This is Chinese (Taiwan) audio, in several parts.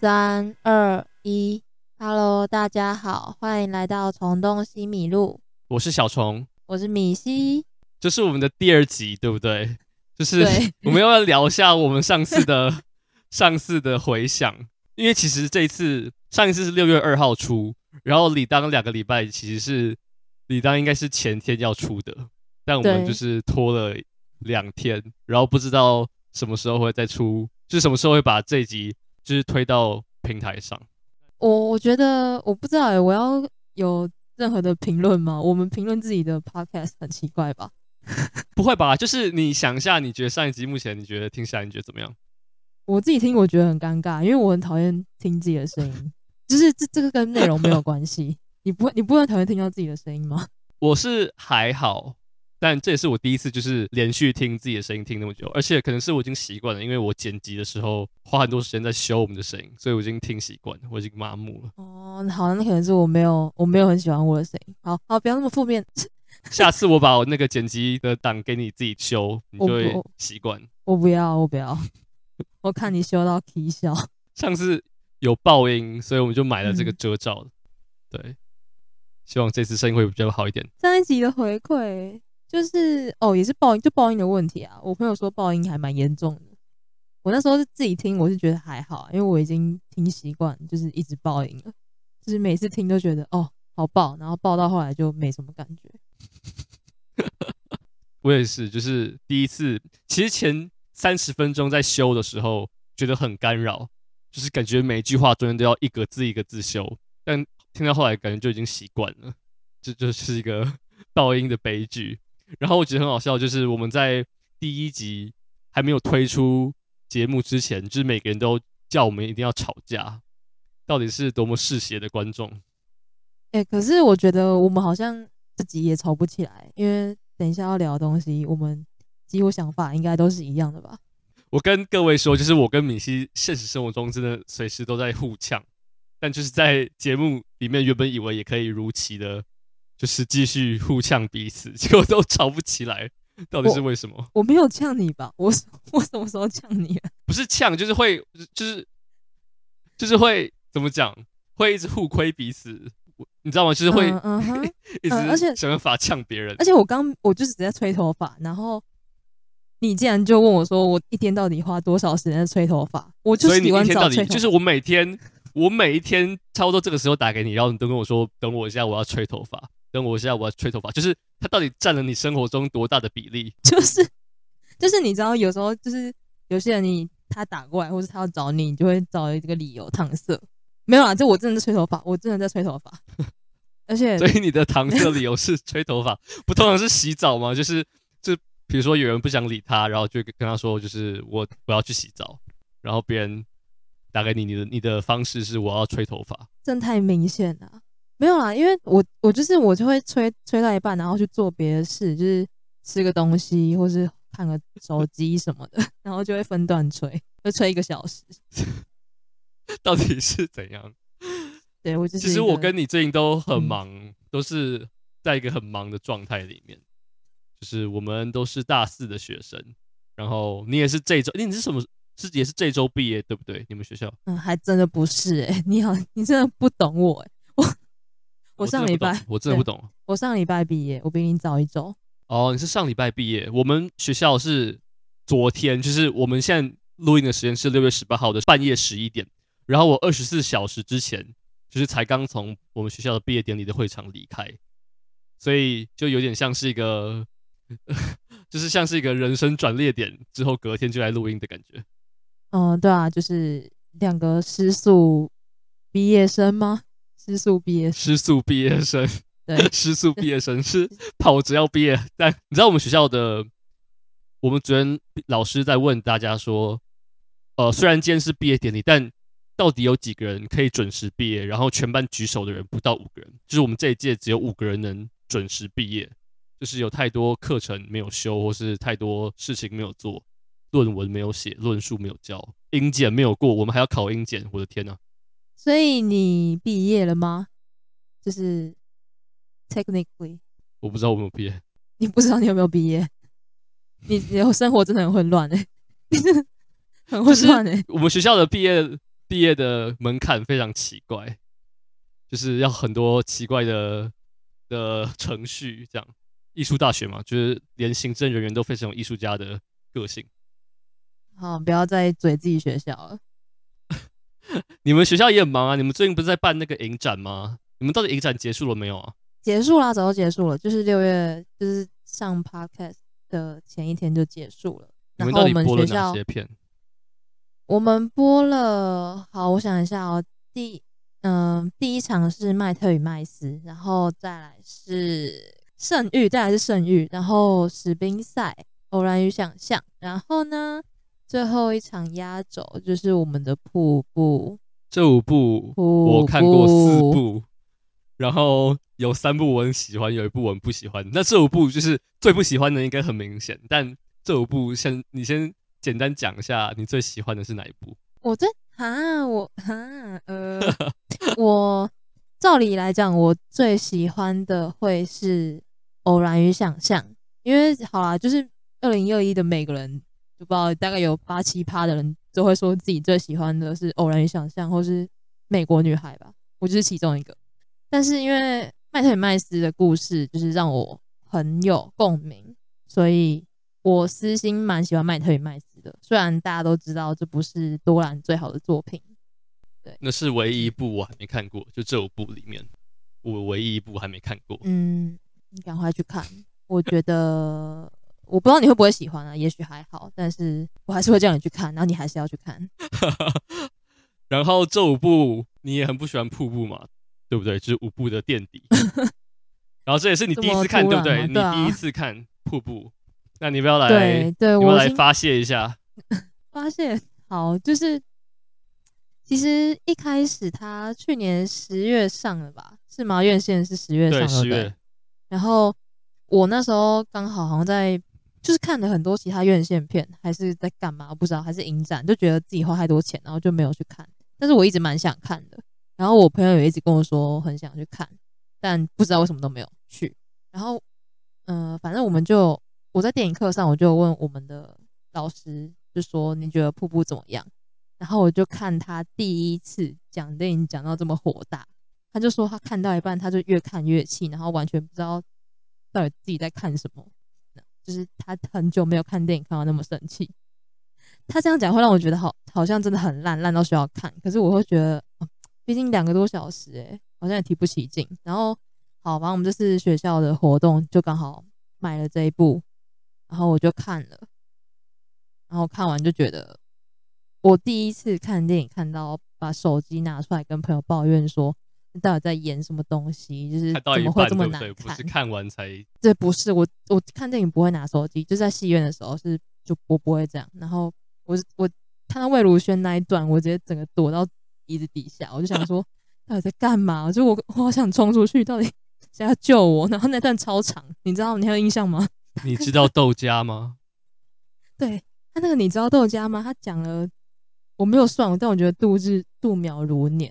三二一哈嘍，2 3, 2, Hello, 大家好，歡迎來到蟲洞西米露。我是小蟲，我是米西，就是我們的第二集，對不對？就是對我們要聊一下我們上次的 上次的回響，因為其實這一次上一次是六月二號出，然後理當兩個禮拜其實是理當應該是前天要出的，但我們就是拖了兩天，對然後不知道什麼時候會再出，就什麼時候會把這集。就是推到平台上，我我覺得我不知道耶，我要有任何的評論嗎？我們評論自己的 podcast 很奇怪吧？ 不會吧？就是你想一下，你覺得上一集目前你覺得聽起來你覺得怎麼樣？我自己聽我覺得很尷尬，因為我很討厭聽自己的聲音。 就是這這個跟內容沒有關係，你不你不會很討厭聽到自己的聲音嗎？我是還好。但這也是我第一次，就是連續聽自己的聲音聽那麼久，而且可能是我已經習慣了，因為我剪輯的時候花很多時間在修我們的聲音，所以我已經聽習慣了，我已經麻木了。哦，好，那可能是我沒有，我沒有很喜歡我的聲音。好好，不要那麼負面。下次我把我那個剪輯的檔給你自己修，你就會習慣。我不要，我不要。我看你修到啼笑。上次有爆音，所以我們就買了這個遮罩。對，希望這次聲音會比較好一點。上一集的回饋。就是哦，也是爆音，就爆音的問題啊。我朋友說爆音還蠻嚴重的。我那時候是自己聽，我是覺得還好，因為我已經聽習慣，就是一直爆音了，就是每次聽都覺得哦，好爆，然後爆到後來就沒什麼感覺。 我也是，就是第一次，其實前三十分鐘在修的時候覺得很干擾，就是感覺每一句話中間都要一個字一個字修，但聽到後來感覺就已經習慣了，這就，就是一個爆音的悲劇。然後我覺得很好笑，就是我們在第一集還沒有推出節目之前，就是每個人都叫我們一定要吵架，到底是多麼嗜血的觀眾？哎、欸，可是我覺得我們好像自己也吵不起來，因為等一下要聊的東西，我們幾乎想法應該都是一樣的吧？我跟各位說，就是我跟敏熙現實生活中真的隨時都在互嗆，但就是在節目裡面，原本以為也可以如期的。就是繼續互嗆彼此，結果都吵不起來，到底是為什麼？我，我沒有嗆你吧？我我什麼時候嗆你，啊？不是嗆，就是會，就是就是會怎麼講？會一直互虧彼此，你知道嗎？就是會、嗯嗯、 一直、嗯、想辦法嗆別人。而且我剛，我就是在吹頭髮，然後你竟然就問我說：“我一天到底花多少時間在吹頭髮？”我就是你一天到底，就是我每天，我每一天差不多這個時候打給你，然後你都跟我說：“等我一下，我要吹頭髮。”等我一下，我要吹頭髮。就是他到底佔了你生活中多大的比例？就是，就是你知道，有時候就是有些人你，你他打過來，或者他要找你，你就會找一個理由搪塞。沒有啊，就我真的在吹頭髮，我真的在吹頭髮。 而且，所以你的搪塞理由是吹頭髮， 不通常是洗澡嗎？就是，就比如說有人不想理他，然後就跟他說，就是我我要去洗澡。然後別人打給你，你的你的方式是我要吹頭髮。真太明顯了啊。沒有啦，因為我我就是我就會吹吹到一半，然後去做別的事，就是吃個東西，或是看個手機什麼的， 然後就會分段吹，會吹一個小時。到底是怎樣？對，我就是，其實我跟你最近都很忙，嗯、都是在一個很忙的狀態裡面。就是我們都是大四的學生，然後你也是這週、欸，你是什麼，是，也是這週畢業，對不對？你們學校？嗯，還真的不是哎、欸，你好，你真的不懂我哎、欸。我上禮拜我真的不懂。我真的不懂。我上禮拜畢業，我比你早一周。哦，oh, 你是上禮拜畢業？我們學校是昨天，就是我們現在錄音的時間是六月十八號的半夜十一點。然後我二十四小時之前，就是才剛從我們學校的畢業典禮的會場離開，所以就有點像是一個，就是像是一個人生轉捩點之後隔天就來錄音的感覺。嗯，對啊，就是兩個失速畢業生嗎？失速畢業生，失速畢業生，失速對畢業生是怕我只要畢業， 但你知道我們學校的我們昨天老師在問大家說，呃，雖然今天是畢業典禮，但到底有幾個人可以準時畢業？然後全班舉手的人不到五個人，就是我們這一屆只有五個人能準時畢業，就是有太多課程沒有修，或是太多事情沒有做，論文沒有寫，論述沒有交，英檢沒有過，我們還要考英檢，我的天吶！所以你畢業了嗎？就是 technically，我不知道我有沒有畢業。你不知道你有沒有畢業？嗯、你你生活真的很混亂哎、欸， 很混亂哎、欸。我們學校的畢業畢業的門檻非常奇怪，就是要很多奇怪的的程序這樣。藝術大學嘛，就是連行政人員都非常有藝術家的個性。好，不要再嘴自己學校了。你們學校也很忙啊，你們最近不是在辦那個影展嗎？你們到底影展結束了沒有啊？結束啦，啊，早就結束了。就是六月，就是上 podcast 的前一天就結束了。你們到底播了哪些片我？我們播了，好，我想一下哦。第，嗯、呃，第一場是《麥特與麥斯》，然後再來是《聖域》，再來是《聖域》，然後《史賓賽》《偶然與想象》，然後呢，最後一場壓軸就是我們的《瀑布》。這五部我看過四部，然後有三部我很喜歡，有一部我很不喜歡。那這五部就是最不喜歡的，應該很明顯。但這五部，先你先簡單講一下，你最喜歡的是哪一部我哈？我這啊，我哈呃， 我照理來講，我最喜歡的會是《偶然與想象》，因為好啦，就是二零二一的每個人。不知道，大概有八七趴的人就會說自己最喜歡的是《偶然與想象》或是《美國女孩》吧，我就是其中一個。但是因為麥特與麥斯的故事就是讓我很有共鳴，所以我私心蠻喜歡麥特與麥斯的。雖然大家都知道這不是多蘭最好的作品，對，那是唯一一部我還沒看過，就這五部裡面，我唯一一部還沒看過。嗯，你趕快去看，我覺得。 我不知道你會不會喜歡啊，也許還好，但是我還是會叫你去看，然後你還是要去看。 然後這五部你也很不喜歡瀑布嘛，對不對？就是五部的墊底。 然後這也是你第一次看，對不對？啊啊啊、你第一次看瀑布，那你不要來，對對我來發洩一下。發洩好，就是其實一開始他去年十月上的吧，是嘛，院線是十月上的。對，十月。然後我那時候剛好好像在。就是看了很多其他院線片，還是在幹嘛我不知道，還是影展，就覺得自己花太多錢，然後就沒有去看。但是我一直蠻想看的，然後我朋友也一直跟我說很想去看，但不知道為什麼都沒有去。然後，嗯、呃，反正我們就我在電影課上，我就問我們的老師，就說你覺得《瀑布》怎麼樣？然後我就看他第一次講電影講到這麼火大，他就說他看到一半，他就越看越氣，然後完全不知道到底自己在看什麼。就是他很久沒有看電影看到那麼生氣，他這樣講會讓我覺得好，好像真的很爛，爛到需要看。可是我會覺得，啊，畢竟兩個多小時，哎，好像也提不起勁。然後，好吧，反正我們這次學校的活動就剛好買了這一部，然後我就看了，然後看完就覺得，我第一次看電影看到把手機拿出來跟朋友抱怨說。到底在演什麼東西？就是看到一半怎麼會這麼難看？對不對？不是看完才……對，不是我，我看電影不會拿手機，就是、在戲院的時候是就不我不會這樣。然後我我看到魏如萱那一段，我直接整個躲到椅子底下，我就想說到底在幹嘛？ 就我我好想衝出去，到底誰要救我？然後那段超長，你知道你還有印象嗎？你知道豆家嗎？ 對他那個你知道豆家嗎？他講了。我沒有算，但我覺得度日度秒如年，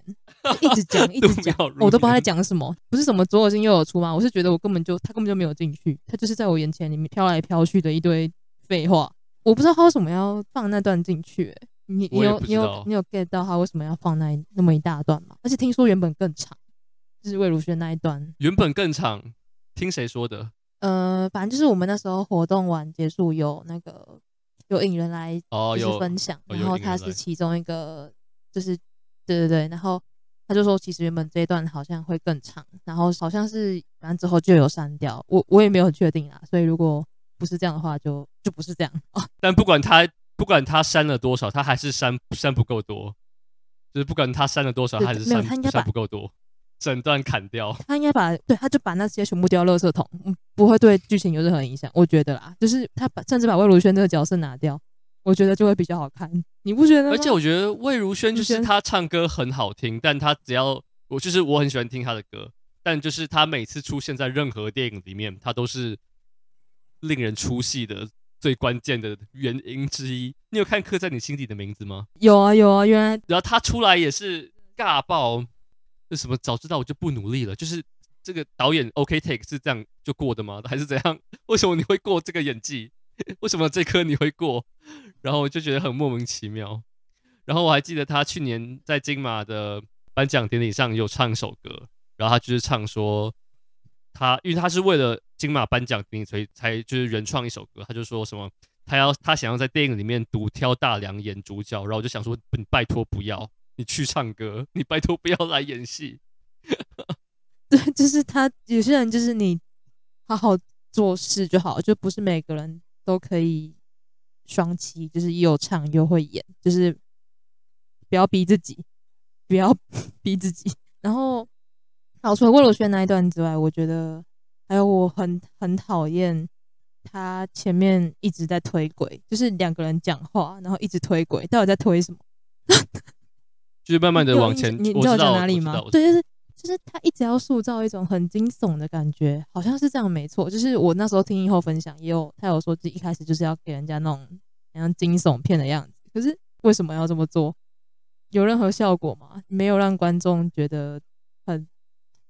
一直講一直講、 哦，我都不知道在講什麼，不是什麼左耳進右耳出嗎？我是覺得我根本就他根本就沒有進去，他就是在我眼前裡面飄來飄去的一堆廢話，我不知道他為什麼要放那段進去，你你有知道你有你有，你有 get 到他為什麼要放那那麼一大段嗎？而且聽說原本更長，就是魏如萱那一段原本更長。聽誰說的？呃，反正就是我們那時候活動完結束有那個。有引人來就是分享，然後他是其中一個，就是對對對，然後他就說，其實原本這一段好像會更長，然後好像是完之後就有刪掉，我我也沒有很確定啊，所以如果不是這樣的話，就就不是這樣哦。但不管他不管他刪了多少，他還是刪刪不夠多，就是不管他刪了多少，他還是刪刪不夠多。整段砍掉，他應該把對，他就把那些全部丟到垃圾桶，嗯，不會對劇情有任何影響，我覺得啦，就是他把甚至把魏如萱這個角色拿掉，我覺得就會比較好看，你不覺得嗎？那個。而且我覺得魏如萱就是她唱歌很好聽，但她只要我就是我很喜歡聽她的歌，但就是她每次出現在任何電影裡面，她都是令人出戲的最關鍵的原因之一。你有看刻在你心底的名字嗎？有啊有啊，原來然後他出來也是尬爆。為什麼？早知道我就不努力了。就是這個導演 OK take 是這樣就過的嗎？還是怎樣？為什麼你會過這個演技？為什麼這顆你會過？然後我就覺得很莫名其妙。然後我還記得他去年在金馬的頒獎典禮上有唱一首歌，然後他就是唱說他，因為他是為了金馬頒獎典禮所以才就是原創一首歌，他就說什麼他要他想要在電影裡面獨挑大梁演主角，然後我就想說拜托不要。你去唱歌，你拜託不要來演戲。對， 就是他有些人就是你好好做事就好，就不是每個人都可以雙棲，就是又唱又會演，就是不要逼自己，不要逼自己。 然後，好，除了魏如萱那一段之外，我覺得還有我很很討厭他前面一直在推軌，就是兩個人講話，然後一直推軌，到底在推什麼？ 就是慢慢的往前，你知道在哪裡嗎？對，就是就是他一直要塑造一種很驚悚的感覺，好像是這樣，沒錯。就是我那時候聽影后分享，也有他有說，自己一開始就是要給人家那種好像驚悚片的樣子。可是為什麼要這麼做？有任何效果嗎？沒有讓觀眾覺得很，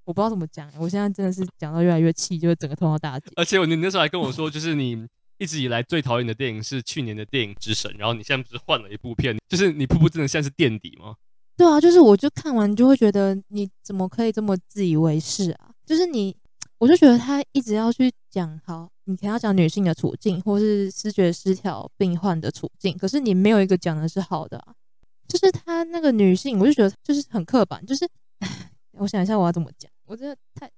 我不知道怎麼講。我現在真的是講到越來越氣，就會整個痛到大姐。而且我你那時候還跟我說，就是你一直以來最討厭的電影是去年的電影之神，然後你現在不是換了一部片，就是你瀑布真的像是墊底嗎？對啊，就是我就看完就會覺得你怎麼可以這麼自以為是啊？就是你，我就覺得他一直要去講，好，你你要講女性的處境，或是思覺失調病患的處境，可是你沒有一個講的是好的啊。就是他那個女性，我就覺得就是很刻板。就是哎，我想一下我要怎麼講，我真的太，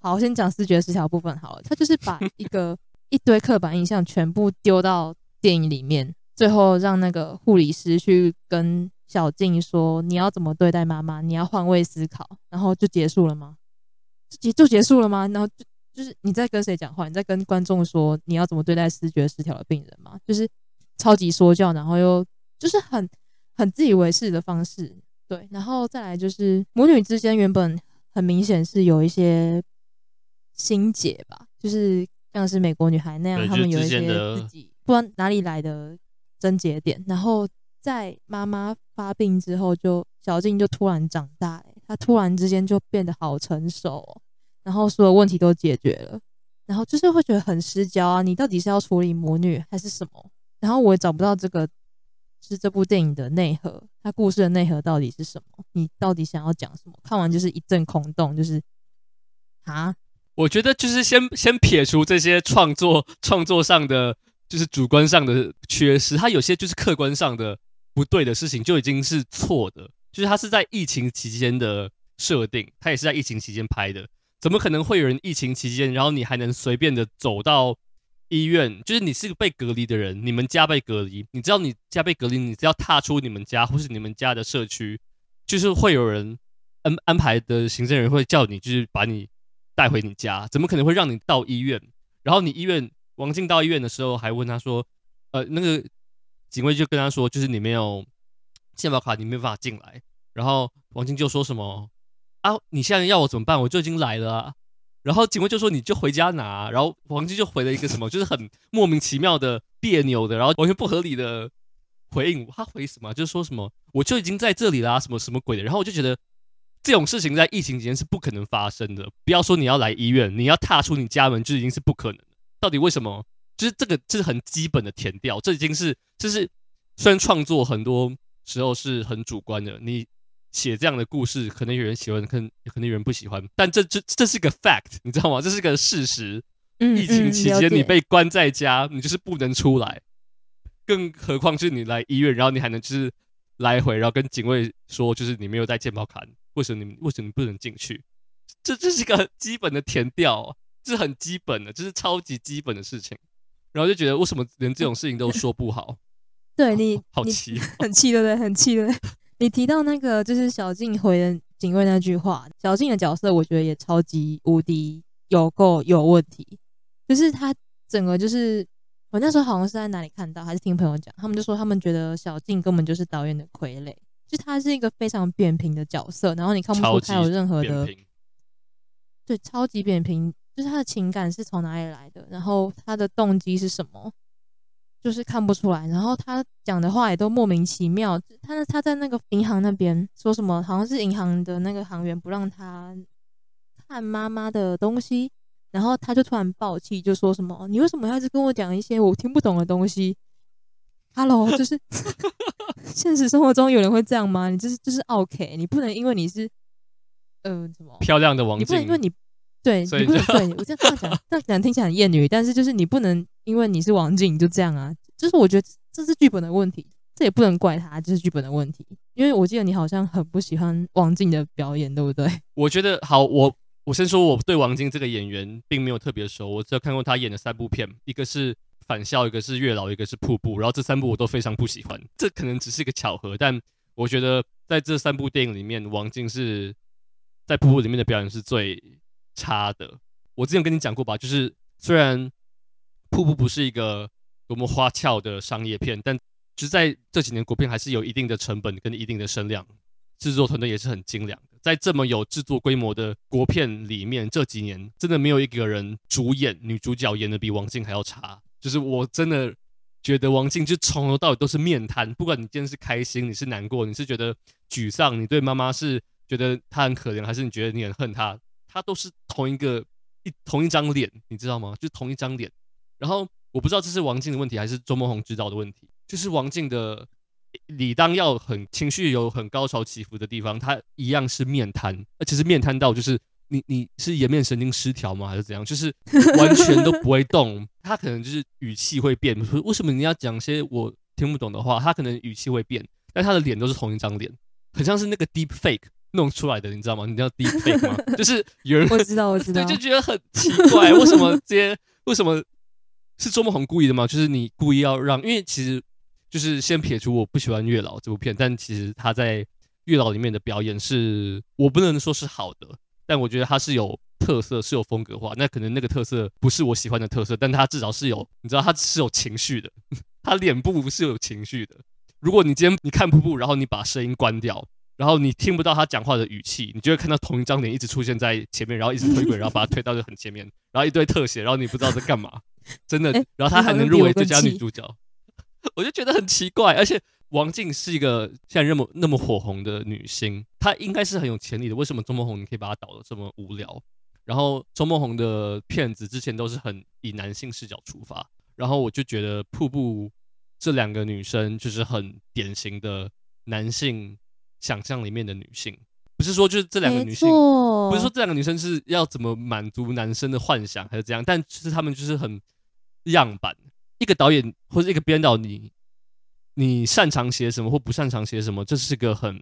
好，我先講思覺失調部分好了。他就是把一個 一堆刻板印象全部丟到電影裡面，最後讓那個護理師去跟。小靜說：“你要怎麼對待媽媽？你要換位思考。”然後就結束了嗎？就結，就結束了嗎？然後就就是你在跟誰講話？你在跟觀眾說你要怎麼對待思覺失調的病人嗎？就是超級說教，然後又就是很很自以為是的方式。對，然後再來就是母女之間原本很明顯是有一些心結吧，就是像是美國女孩那樣，她們有一些自己不知道哪裡來的症結點，然後。在媽媽發病之後就，就小靜就突然長大她突然之間就變得好成熟喔，然後所有問題都解決了，然後就是會覺得很失焦啊。你到底是要處理母女還是什麼？然後我也找不到這個，就是這部電影的內核。它故事的內核到底是什麼？你到底想要講什麼？看完就是一陣空洞，就是啊。我覺得就是先先撇除這些創作創作上的，就是主觀上的缺失，它有些就是客觀上的。不對的事情就已經是錯的，就是他是在疫情期間的設定，他也是在疫情期間拍的，怎麼可能會有人疫情期間，然後你還能隨便的走到醫院？就是你是個被隔離的人，你們家被隔離，你知道你家被隔離，你只要踏出你們家或是你們家的社區，就是會有人安安排的行政人員會叫你，就是把你帶回你家，怎麼可能會讓你到醫院？然後你醫院王靜到醫院的時候還問他說，呃，那個。警衛就跟他說：“就是你沒有健保卡，你沒辦法進來。”然後王靜就說什麼：“啊，你現在要我怎麼辦？我就已經來了啊。”然後警衛就說：“你就回家拿、啊。”然後王靜就回了一個什麼，就是很莫名其妙的別扭的，然後完全不合理的回應。他回什麼、啊？就是說什麼“我就已經在這裡啦、啊，什麼什麼鬼的。”然後我就覺得這種事情在疫情期間是不可能發生的。不要說你要來醫院，你要踏出你家門就已經是不可能了。到底為什麼？就是這個，這是很基本的填調，這已經是就是雖然創作很多時候是很主觀的，你寫這樣的故事，可能有人喜歡可能，可能有人不喜歡，但這這這是個 fact，你知道嗎？這是個事實。嗯、疫情期間你被關在家，嗯嗯、你就是不能出來，更何況是你來醫院，然後你還能就是來回，然後跟警衛說就是你沒有帶健保卡，為什麼你為什麼你不能進去？這這是一個很基本的填調，這是很基本的，這是超級基本的事情。然後就覺得為什麼連這種事情都說不好？ 對你、哦，好奇、哦，很氣，對，很氣，對。你提到那個就是小靜回的警衛那句話，小靜的角色我覺得也超級無敵有夠有問題，就是他整個就是我那時候好像是在哪裡看到，還是聽朋友講，他們就說他們覺得小靜根本就是導演的傀儡，就他是一個非常扁平的角色，然後你看不出他有任何的，對，超級扁平。就是他的情感是從哪裡來的，然後他的動機是什麼，就是看不出來。然後他講的話也都莫名其妙。他他在那個銀行那邊說什麼，好像是銀行的那個行員不讓他看媽媽的東西，然後他就突然爆氣，就說什麼：“你為什麼要一直跟我講一些我聽不懂的東西？”“Hello，就是 現實生活中有人會這樣嗎？你就是就是 OK，你不能因為你是嗯、呃、什麼漂亮的王子。你不能因為你。”對，所以你不能 對我這樣講，這樣講聽起來很厭女，但是就是你不能因為你是王淨就這樣啊，就是我覺得這是劇本的問題，這也不能怪他，這、就是劇本的問題。因為我記得你好像很不喜歡王淨的表演，對不對？我覺得好，我我先說我對王淨這個演員並沒有特別熟，我只有看過她演的三部片，一個是《返校》，一個是《月老》，一個是《瀑布》，然後這三部我都非常不喜歡。這可能只是一個巧合，但我覺得在這三部電影裡面，王淨是在《瀑布》裡面的表演是最差的，我之前跟你講過吧，就是雖然《瀑布》不是一個多麼花俏的商業片，但其實在這幾年國片還是有一定的成本跟一定的聲量，製作團隊也是很精良的。在這麼有製作規模的國片裡面，這幾年真的沒有一個人主演、女主角演得比王淨還要差。就是我真的覺得王淨就從頭到尾都是面癱，不管你今天是開心、你是難過、你是覺得沮喪、你對媽媽是覺得她很可憐，還是你覺得你很恨她。他都是同一個一、同一張臉，你知道嗎？就同一張臉。然後我不知道這是王淨的問題，還是鍾孟宏指導的問題。就是王淨的理當要很情緒有很高潮起伏的地方，他一樣是面癱，而且是面癱到就是你你，是顏面神經失調嗎，還是怎樣？就是完全都不會動。 他可能就是語氣會變，為什麼你要講些我聽不懂的話？他可能語氣會變，但他的臉都是同一張臉，很像是那個 deep fake。弄出來的，你知道嗎？你知道 deepplay 嗎？ 就是有人我知道我知道，我知道就覺得很奇怪，為什麼這些為什麼是鍾孟宏故意的嗎？就是你故意要讓，因為其實就是先撇除我不喜歡《月老》這部片，但其實他在《月老》裡面的表演是我不能說是好的，但我覺得他是有特色，是有風格化。那可能那個特色不是我喜歡的特色，但他至少是有，你知道他是有情緒的， 他臉部是有情緒的。如果你今天你看瀑布，然後你把聲音關掉。然後你聽不到她講話的語氣，你就會看到同一張臉一直出現在前面，然後一直推軌，然後把她推到就很前面， 然後一堆特寫，然後你不知道在幹嘛， 真的。然後她還能入圍最佳女主角， 我就覺得很奇怪。而且王淨是一個現在那麼那麼火紅的女星，她應該是很有潛力的，為什麼鍾孟宏你可以把她導得這麼無聊？然後鍾孟宏的片子之前都是很以男性視角出發，然後我就覺得瀑布這兩個女生就是很典型的男性。想象裡面的女性，不是說就是這兩個女性，不是說這兩個女生是要怎麼滿足男生的幻想還是怎樣，但其實他們就是很樣板。一個導演或者一個編導，你你擅長寫什麼或不擅長寫什麼，這是個很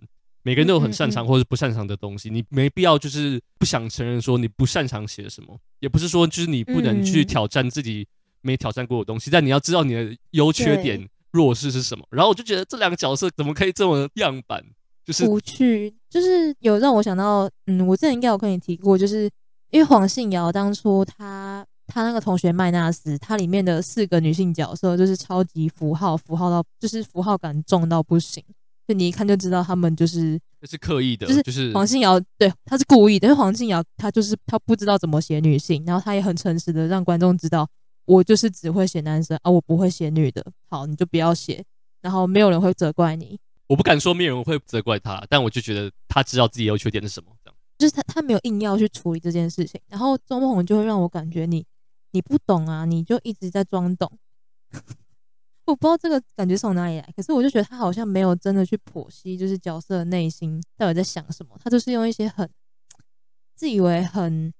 每個人都有很擅長或者不擅長的東西，你沒必要就是不想承認說你不擅長寫什麼，也不是說就是你不能去挑戰自己沒挑戰過的東西，但你要知道你的優缺點弱勢是什麼。然後我就覺得這兩個角色怎麼可以這麼樣板？就是、不去，就是有讓我想到，嗯，我之前應該有跟你提過，就是因為黃信堯當初他他那個同學麥娜絲，他裡面的四個女性角色就是超級符號，符號到就是符號感重到不行，就你一看就知道他們就是這是刻意的，就是就是黃信堯、就是、對，他是故意的，因為黃信堯他就是他不知道怎麼寫女性，然後他也很誠實的讓觀眾知道，我就是只會寫男生啊，我不會寫女的，好你就不要寫，然後沒有人會責怪你。我不敢說沒有人會責怪他，但我就覺得他知道自己優缺點是什麼。這樣就是他，他沒有硬要去處理這件事情。然後鍾孟宏就會讓我感覺你，你不懂啊，你就一直在裝懂。 我不知道這個感覺從哪裡來，可是我就覺得他好像沒有真的去剖析，就是角色內心到底在想什麼。他就是用一些很自以為很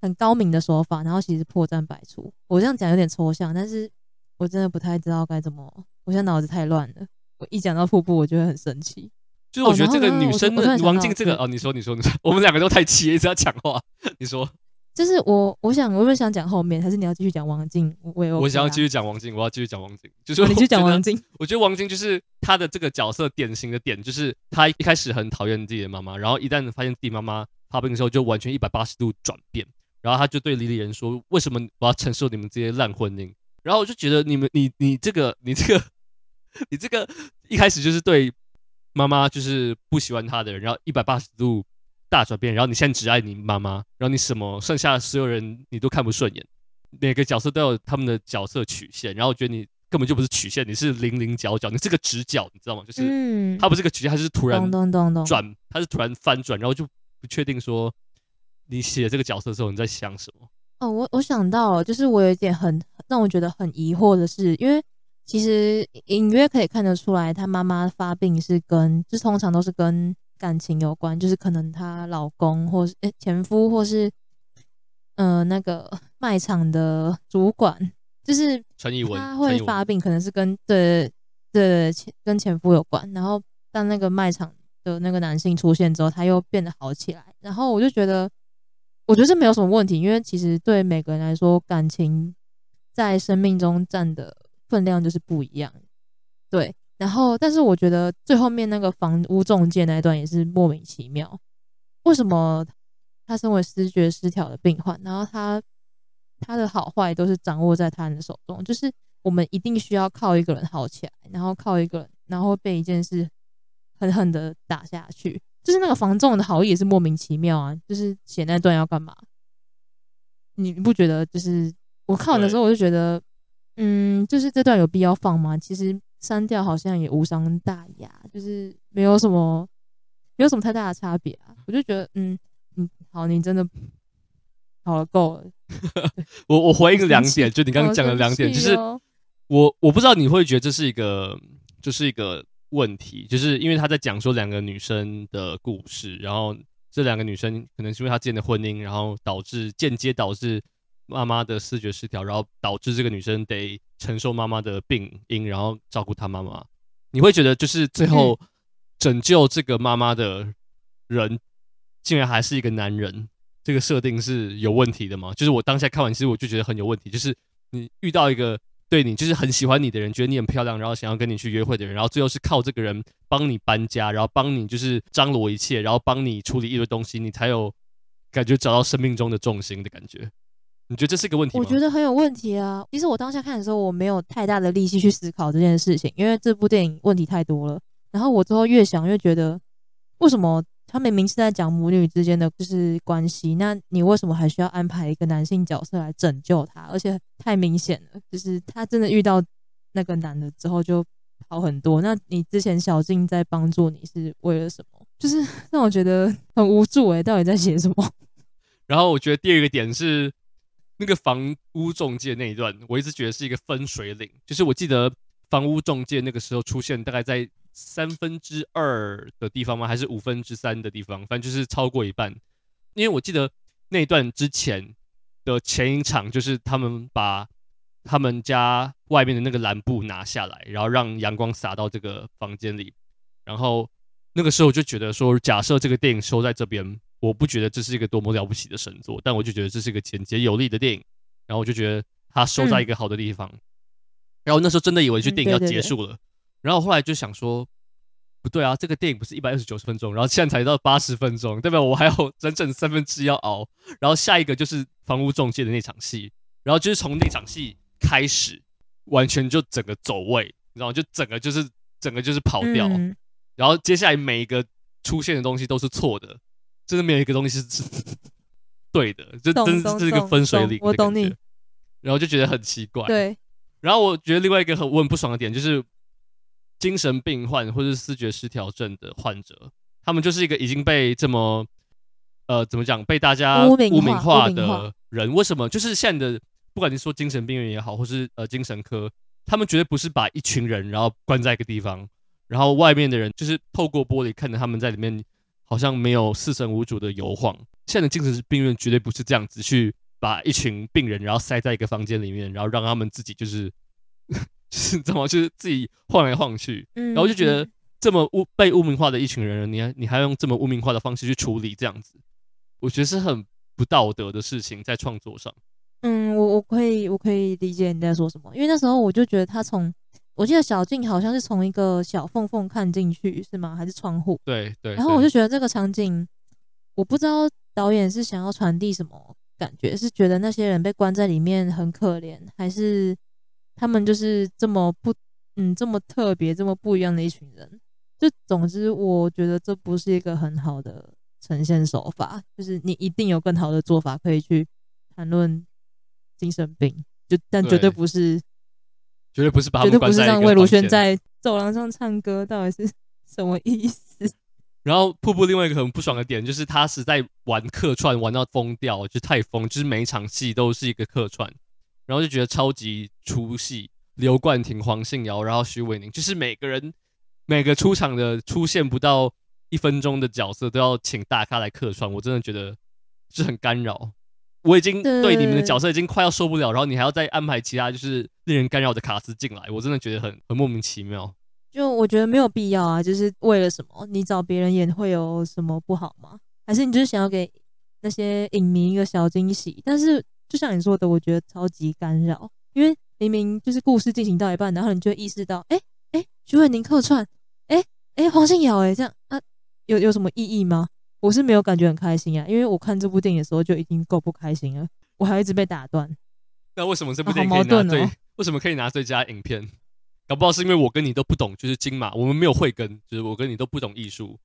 很高明的說法，然後其實破綻百出。我這樣講有點抽象，但是我真的不太知道該怎麼，我現在腦子太亂了。我一講到瀑布，我就會很生氣。就是我覺得這個女生，哦、然後然後王靜這個哦，你說，你說，你說，我們兩個都太氣，一直要講話。你說，就是我，我想，我有沒有想講後面，還是你要繼續講王靜？我，我，OK 啊、我想要繼續講王靜，我要繼續講王靜。就是、啊、你去講王靜。我覺得王靜就是她的這個角色典型的點，就是她一開始很討厭自己的媽媽，然後一旦發現自己媽媽發病的時候，就完全一百八十度轉變，然後她就對李李仁說：“為什麼我要承受你們這些爛婚姻？”然後我就覺得你們，你你這個，你這個。 你這個一開始就是對媽媽就是不喜歡她的人，然後一百八十度大轉變，然後你現在只愛你媽媽，然後你什麼剩下所有人你都看不順眼。每個角色都有他們的角色曲線，然後我覺得你根本就不是曲線，你是零零角角，你是個直角，你知道嗎？就是他不是個曲線，他是突然轉，他是突然翻轉，然後就不確定說你寫這個角色的時候你在想什麼、嗯？哦，我我想到了，就是我有一點很讓我覺得很疑惑的是，因為。其實隱約可以看得出來，她媽媽發病是跟，就通常都是跟感情有關，就是可能她老公或是誒，前夫或是，呃，那個賣場的主管，就是陳以文，他會發病可能是跟，能是跟對對，對，對前跟前夫有關。然後當那個賣場的那個男性出現之後，他又變得好起來。然後我就覺得，我覺得這沒有什麼問題，因為其實對每個人來說，感情在生命中占的。分量就是不一樣，對。然後，但是我覺得最後面那個房屋仲介那段也是莫名其妙。為什麼他身為思覺失調的病患，然後他他的好壞都是掌握在他人的手中？就是我們一定需要靠一個人好起來，然後靠一個人，然後被一件事狠狠的打下去。就是那個房仲的好意也是莫名其妙啊！就是寫那段要幹嘛？你不覺得？就是我看完的時候，我就覺得。嗯，就是這段有必要放嗎？其實刪掉好像也無傷大雅，就是沒有什麼沒有什麼太大的差別啊。我就覺得，嗯嗯，好，你真的好了夠了。 我我回應兩點，氣就你剛剛講的兩點，哦、就是我我不知道你會覺得這是一個就是一個問題，就是因為他在講說兩個女生的故事，然後這兩個女生可能是因為他之間的婚姻，然後導致間接導致。媽媽的思覺失調，然後導致這個女生得承受媽媽的病因，然後照顧她媽媽。你會覺得就是最後拯救這個媽媽的人，竟然還是一個男人？嗯、這個設定是有問題的嗎？就是我當下看完其實我就覺得很有問題。就是你遇到一個對你就是很喜歡你的人，覺得你很漂亮，然後想要跟你去約會的人，然後最後是靠這個人幫你搬家，然後幫你就是張羅一切，然後幫你處理一堆東西，你才有感覺找到生命中的重心的感覺。你覺得這是個問題嗎？我覺得很有問題啊！其實我當下看的時候，我沒有太大的力氣去思考這件事情，因為這部電影問題太多了。然後我之後越想越覺得，為什麼他明明是在講母女之間的就是關係，那你為什麼還需要安排一個男性角色來拯救他？而且太明顯了，就是他真的遇到那個男的之後就好很多。那你之前小靜在幫助你是為了什麼？就是讓我覺得很無助哎，到底在寫什麼？然後我覺得第二個點是，那個房屋仲介那一段，我一直覺得是一個分水嶺。就是我記得房屋仲介那個時候出現，大概在三分之二的地方嗎？還是五分之三的地方？反正就是超過一半。因為我記得那一段之前的前一場，就是他們把他們家外面的那個藍布拿下來，然後讓陽光灑到這個房間裡。然後那個時候我就覺得說，假設這個電影收在這邊。我不覺得這是一個多麼了不起的神作，但我就覺得這是一個簡潔有力的電影。然後我就覺得它收在一個好的地方。嗯、然後那時候真的以為這電影要結束了。嗯、對對對，然後後來就想說，不對啊，這個電影不是一百二十九分鐘，然後現在才到八十分鐘，對吧？我還有整整三分之一要熬。然後下一個就是房屋中介的那場戲，然後就是從那場戲開始，完全就整個走位，你知道嗎？就整個就是整個就是跑掉。嗯、然後接下來每一個出現的東西都是錯的。真的沒有一個東西是對的，這真是這是一個分水嶺。我懂你，然後就覺得很奇怪對。然後我覺得另外一個很我很不爽的點就是，精神病患或者思覺失調症的患者，他們就是一個已經被這麼呃怎麼講被大家污名化的人。為什麼？就是現在的不管你說精神病院也好，或是呃精神科，他們絕對不是把一群人然後關在一個地方，然後外面的人就是透過玻璃看着他們在裡面。好像沒有四神無主的遊晃，現在的精神病院絕對不是這樣子，去把一群病人然後塞在一個房間裡面，然後讓他們自己就是 就是怎麼就是自己晃來晃去，然後就覺得這麼污被污名化的一群人，你還你還用這麼污名化的方式去處理這樣子，我覺得是很不道德的事情在創作上。嗯，我我可以我可以理解你在說什麼，因為那時候我就覺得他從。我記得小靜好像是從一個小縫縫看進去，是嗎？還是窗戶？對對。然後我就覺得這個場景，我不知道導演是想要傳遞什麼感覺，是覺得那些人被關在裡面很可憐，還是他們就是這麼不嗯這麼特別這麼不一樣的一群人？就總之，我覺得這不是一個很好的呈現手法，就是你一定有更好的做法可以去談論精神病，就但絕對不是對。絕對不是把他們關在房間裡面，絕對不是讓魏如萱在走廊上唱歌，到底是什麼意思？然後瀑布另外一個很不爽的點就是他實在玩客串玩到瘋掉，就太瘋，就是每一場戲都是一個客串，然後就覺得超級出戲。劉冠廷、黃信堯，然後許瑋甯，就是每個人每個出場的出現不到一分鐘的角色都要請大咖來客串，我真的覺得是很干擾。我已經對你們的角色已經快要受不了了，然後你還要再安排其他就是令人干擾的卡司進來，我真的覺得很很莫名其妙。就我覺得沒有必要啊，就是為了什麼？你找別人演會有什麼不好嗎？還是你就是想要給那些影迷一個小驚喜？但是就像你說的，我覺得超級干擾，因為明明就是故事進行到一半，然後你就意識到，哎哎，許瑋甯客串，哎哎，黃信堯，哎這樣啊，有有什麼意義嗎？我是沒有感覺很開心呀、啊，因為我看這部電影的時候就已經夠不開心了，我還一直被打斷。那為什麼這部電影可以拿最？啊哦、為什麼可以拿最佳影片？搞不好是因為我跟你都不懂，就是金馬，我們沒有慧根，就是我跟你都不懂藝術。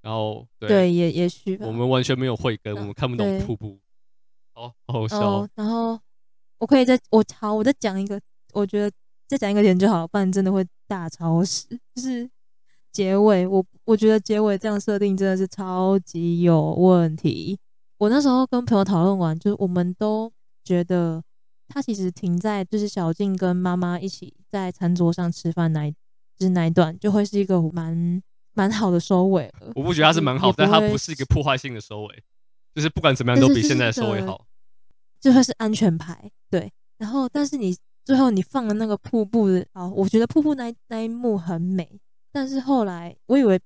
然後對，對，也也許。我們完全沒有慧根，啊、我們看不懂瀑布。對哦、好好笑。哦、然後我可以再我好，我再講一個，我覺得再講一個點就好了，不然真的會大超時，就是。是結尾，我我覺得結尾這樣設定真的是超級有問題。我那時候跟朋友討論完，就是我們都覺得他其實停在就是小靜跟媽媽一起在餐桌上吃飯那一，就是那一段就會是一個蠻蠻好的收尾了。我不覺得他是蠻好，但他不是一個破壞性的收尾，就是不管怎麼樣都比現在的收尾好。就會是安全牌，對。然後，但是你最後你放了那個瀑布的啊，我覺得瀑布那那一幕很美。但是後來，我以為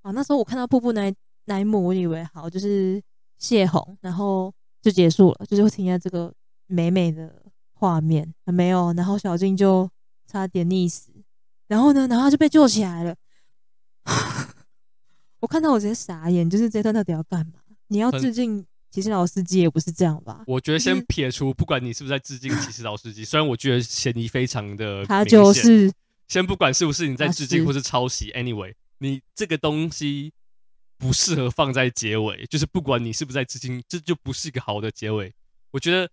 啊，那時候我看到瀑布那一那一幕，我以為好就是洩洪，然後就結束了，就是會停下這個美美的畫面，還沒有。然後小靜就差點溺死，然後呢，然後他就被救起來了。 我看到我直接傻眼，就是這段到底要幹嘛？你要致敬奇士勞斯基也不是這樣吧？我覺得先撇除，不管你是不是在致敬奇士勞斯基，雖然我覺得嫌疑非常的，他就是。先不管是不是你在致敬或是抄襲、啊、是，anyway，你這個東西不適合放在結尾。就是不管你是不是在致敬，這就，就不是一個好的結尾。我覺得，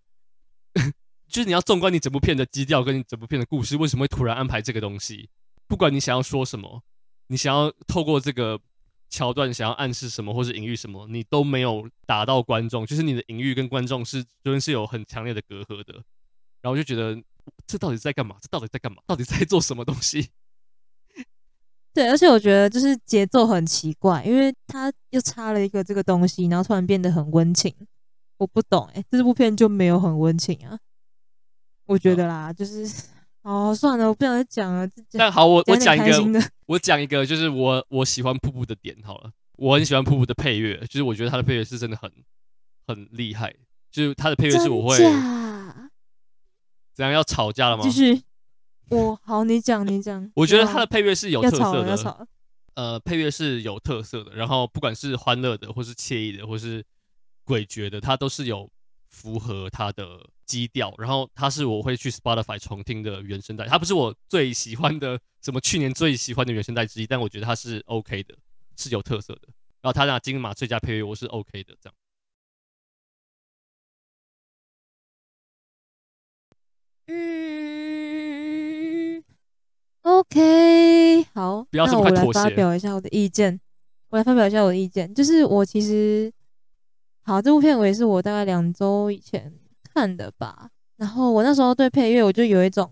就是你要縱觀你整部片的基調跟你整部片的故事，為什麼會突然安排這個東西？不管你想要說什麼，你想要透過這個橋段想要暗示什麼或是隱喻什麼，你都沒有打到觀眾。就是你的隱喻跟觀眾是，真、就是有很強烈的隔閡的。然後就覺得這到底在幹嘛？這到底在幹嘛？到底在做什麼東西？對，而且我覺得就是節奏很奇怪，因為他又插了一個這個東西，然後突然變得很溫情。我不懂哎，這部片就沒有很溫情啊？我覺得啦，嗯、就是哦，算了，我不想再講了。那好，我我講一個，我講一個，就是我我喜歡瀑布的點好了。我很喜歡瀑布的配樂，就是我覺得他的配樂是真的很很厲害，就是他的配樂是我會。怎樣要吵架了嗎？繼續，我好，你講你講。 我覺得他的配樂是有特色的，呃，配樂是有特色的。然後不管是歡樂的，或是愜意的，或是詭譎的，它都是有符合它的基調。然後它是我會去 Spotify 重聽的原聲帶，它不是我最喜歡的什麼去年最喜歡的原聲帶之一，但我覺得它是 OK 的，是有特色的。然後他拿金馬最佳配樂，我是 OK 的，這樣。嗯 ，OK，好，那我來發表一下我的意見。我來發表一下我的意見，就是我其實好這部片，我也是我大概兩周以前看的吧。然後我那時候對配樂，我就有一種，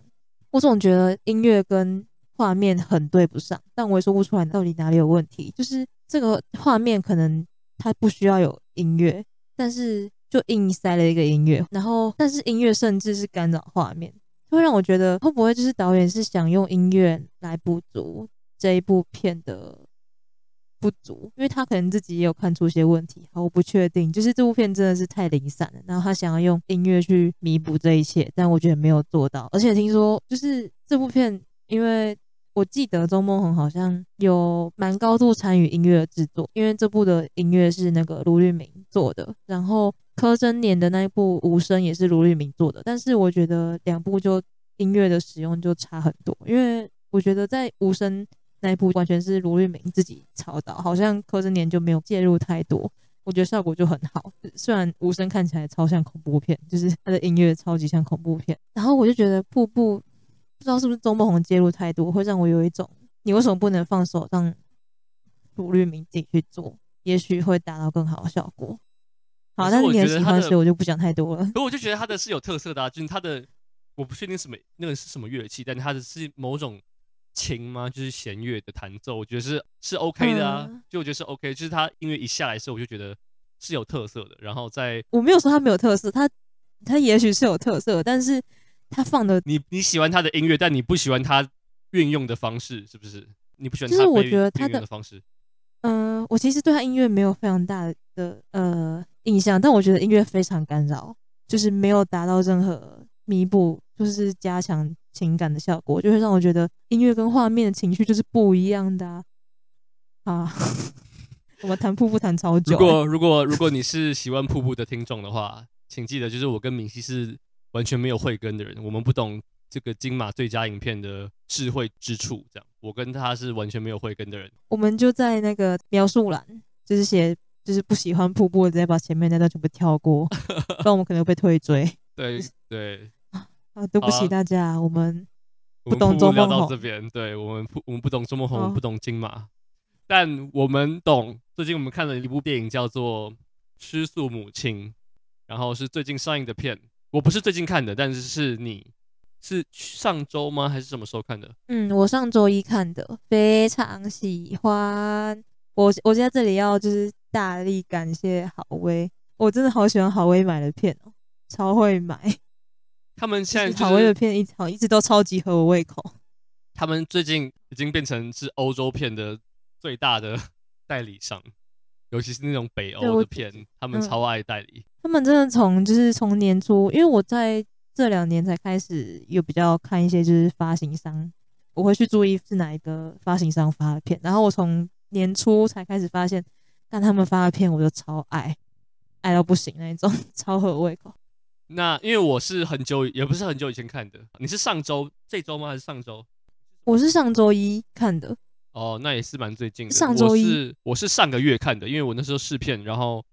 我總覺得音樂跟畫面很對不上，但我也說不出來到底哪裡有問題。就是這個畫面可能它不需要有音樂，但是。就硬塞了一個音樂，然後但是音樂甚至是干擾畫面，就會讓我覺得會不會就是導演是想用音樂來補足這一部片的不足，因為他可能自己也有看出一些問題。我不確定，就是這部片真的是太零散了，然後他想要用音樂去彌補這一切，但我覺得沒有做到。而且聽說就是這部片，因為我記得鍾孟宏好像有蠻高度參與音樂的製作，因為這部的音樂是那個盧律銘做的，然後。柯貞年的那一部《無聲》也是盧律銘做的，但是我覺得兩部就音樂的使用就差很多。因為我覺得在《無聲》那一部完全是盧律銘自己操刀，好像柯貞年就沒有介入太多，我覺得效果就很好。雖然《無聲》看起來超像恐怖片，就是他的音樂超級像恐怖片。然後我就覺得《瀑布》不知道是不是鍾孟宏介入太多，會讓我有一種你為什麼不能放手讓盧律銘自己去做，也許會達到更好的效果。我好，但是你很喜歡，所以我就不講太多了。可我就覺得他的是有特色的啊，就是他的，我不確定是沒那個是什麼樂器，但他的是某種琴嗎？就是弦樂的彈奏，我覺得是是 OK 的啊，呃，就我覺得是 OK，就是他音樂一下來的時候，我就覺得是有特色的。然後在我沒有說他沒有特色，他他也許是有特色，但是他放的你你喜歡他的音樂，但你不喜歡他運用的方式，是不是？你不喜歡他用？他，我覺得他的方式，嗯，呃。我其實對他音樂沒有非常大的呃印象，但我覺得音樂非常干擾，就是沒有達到任何彌補，就是加強情感的效果，就會讓我覺得音樂跟畫面的情緒就是不一樣的啊。啊 我們談瀑布談超久如。如果如果如果你是喜歡瀑布的聽眾的話， 請記得，就是我跟敏熙是完全沒有慧根的人，我們不懂這個金馬最佳影片的智慧之處，這樣。我跟他是完全沒有慧根的人，我們就在那個描述欄，就是寫就是不喜歡瀑布的，直接把前面那段全部跳過， 不然我們可能被退追。對 對，就是、對啊，對不起大家，啊、我們不懂鍾孟宏這邊，對我們不我們不懂鍾孟宏，哦、我們不懂金馬，但我們懂。最近我們看了一部電影叫做《失速母親》，然後是最近上映的片，我不是最近看的，但是是你。是上週嗎？還是什麼時候看的？嗯，我上週一看的，非常喜歡。我我現在這裡要就是大力感謝好威，我真的好喜歡好威買的片哦，超會買。他們現在、就是、好威的片一直好一直都超級合我胃口。他們最近已經變成是歐洲片的最大的代理商，尤其是那種北歐的片，他們超愛代理。嗯、他們真的從就是從年初，因為我在。這兩年才開始有比較看一些，就是發行商，我會去注意是哪一個發行商發的片。然後我從年初才開始發現，看他們發的片，我就超愛，愛到不行那一種，超合胃口。那因為我是很久，也不是很久以前看的，你是上周這周嗎？還是上周？我是上周一看的。哦，那也是蠻最近的。是上周一？我是，我是上個月看的，因為我那時候試片，然後。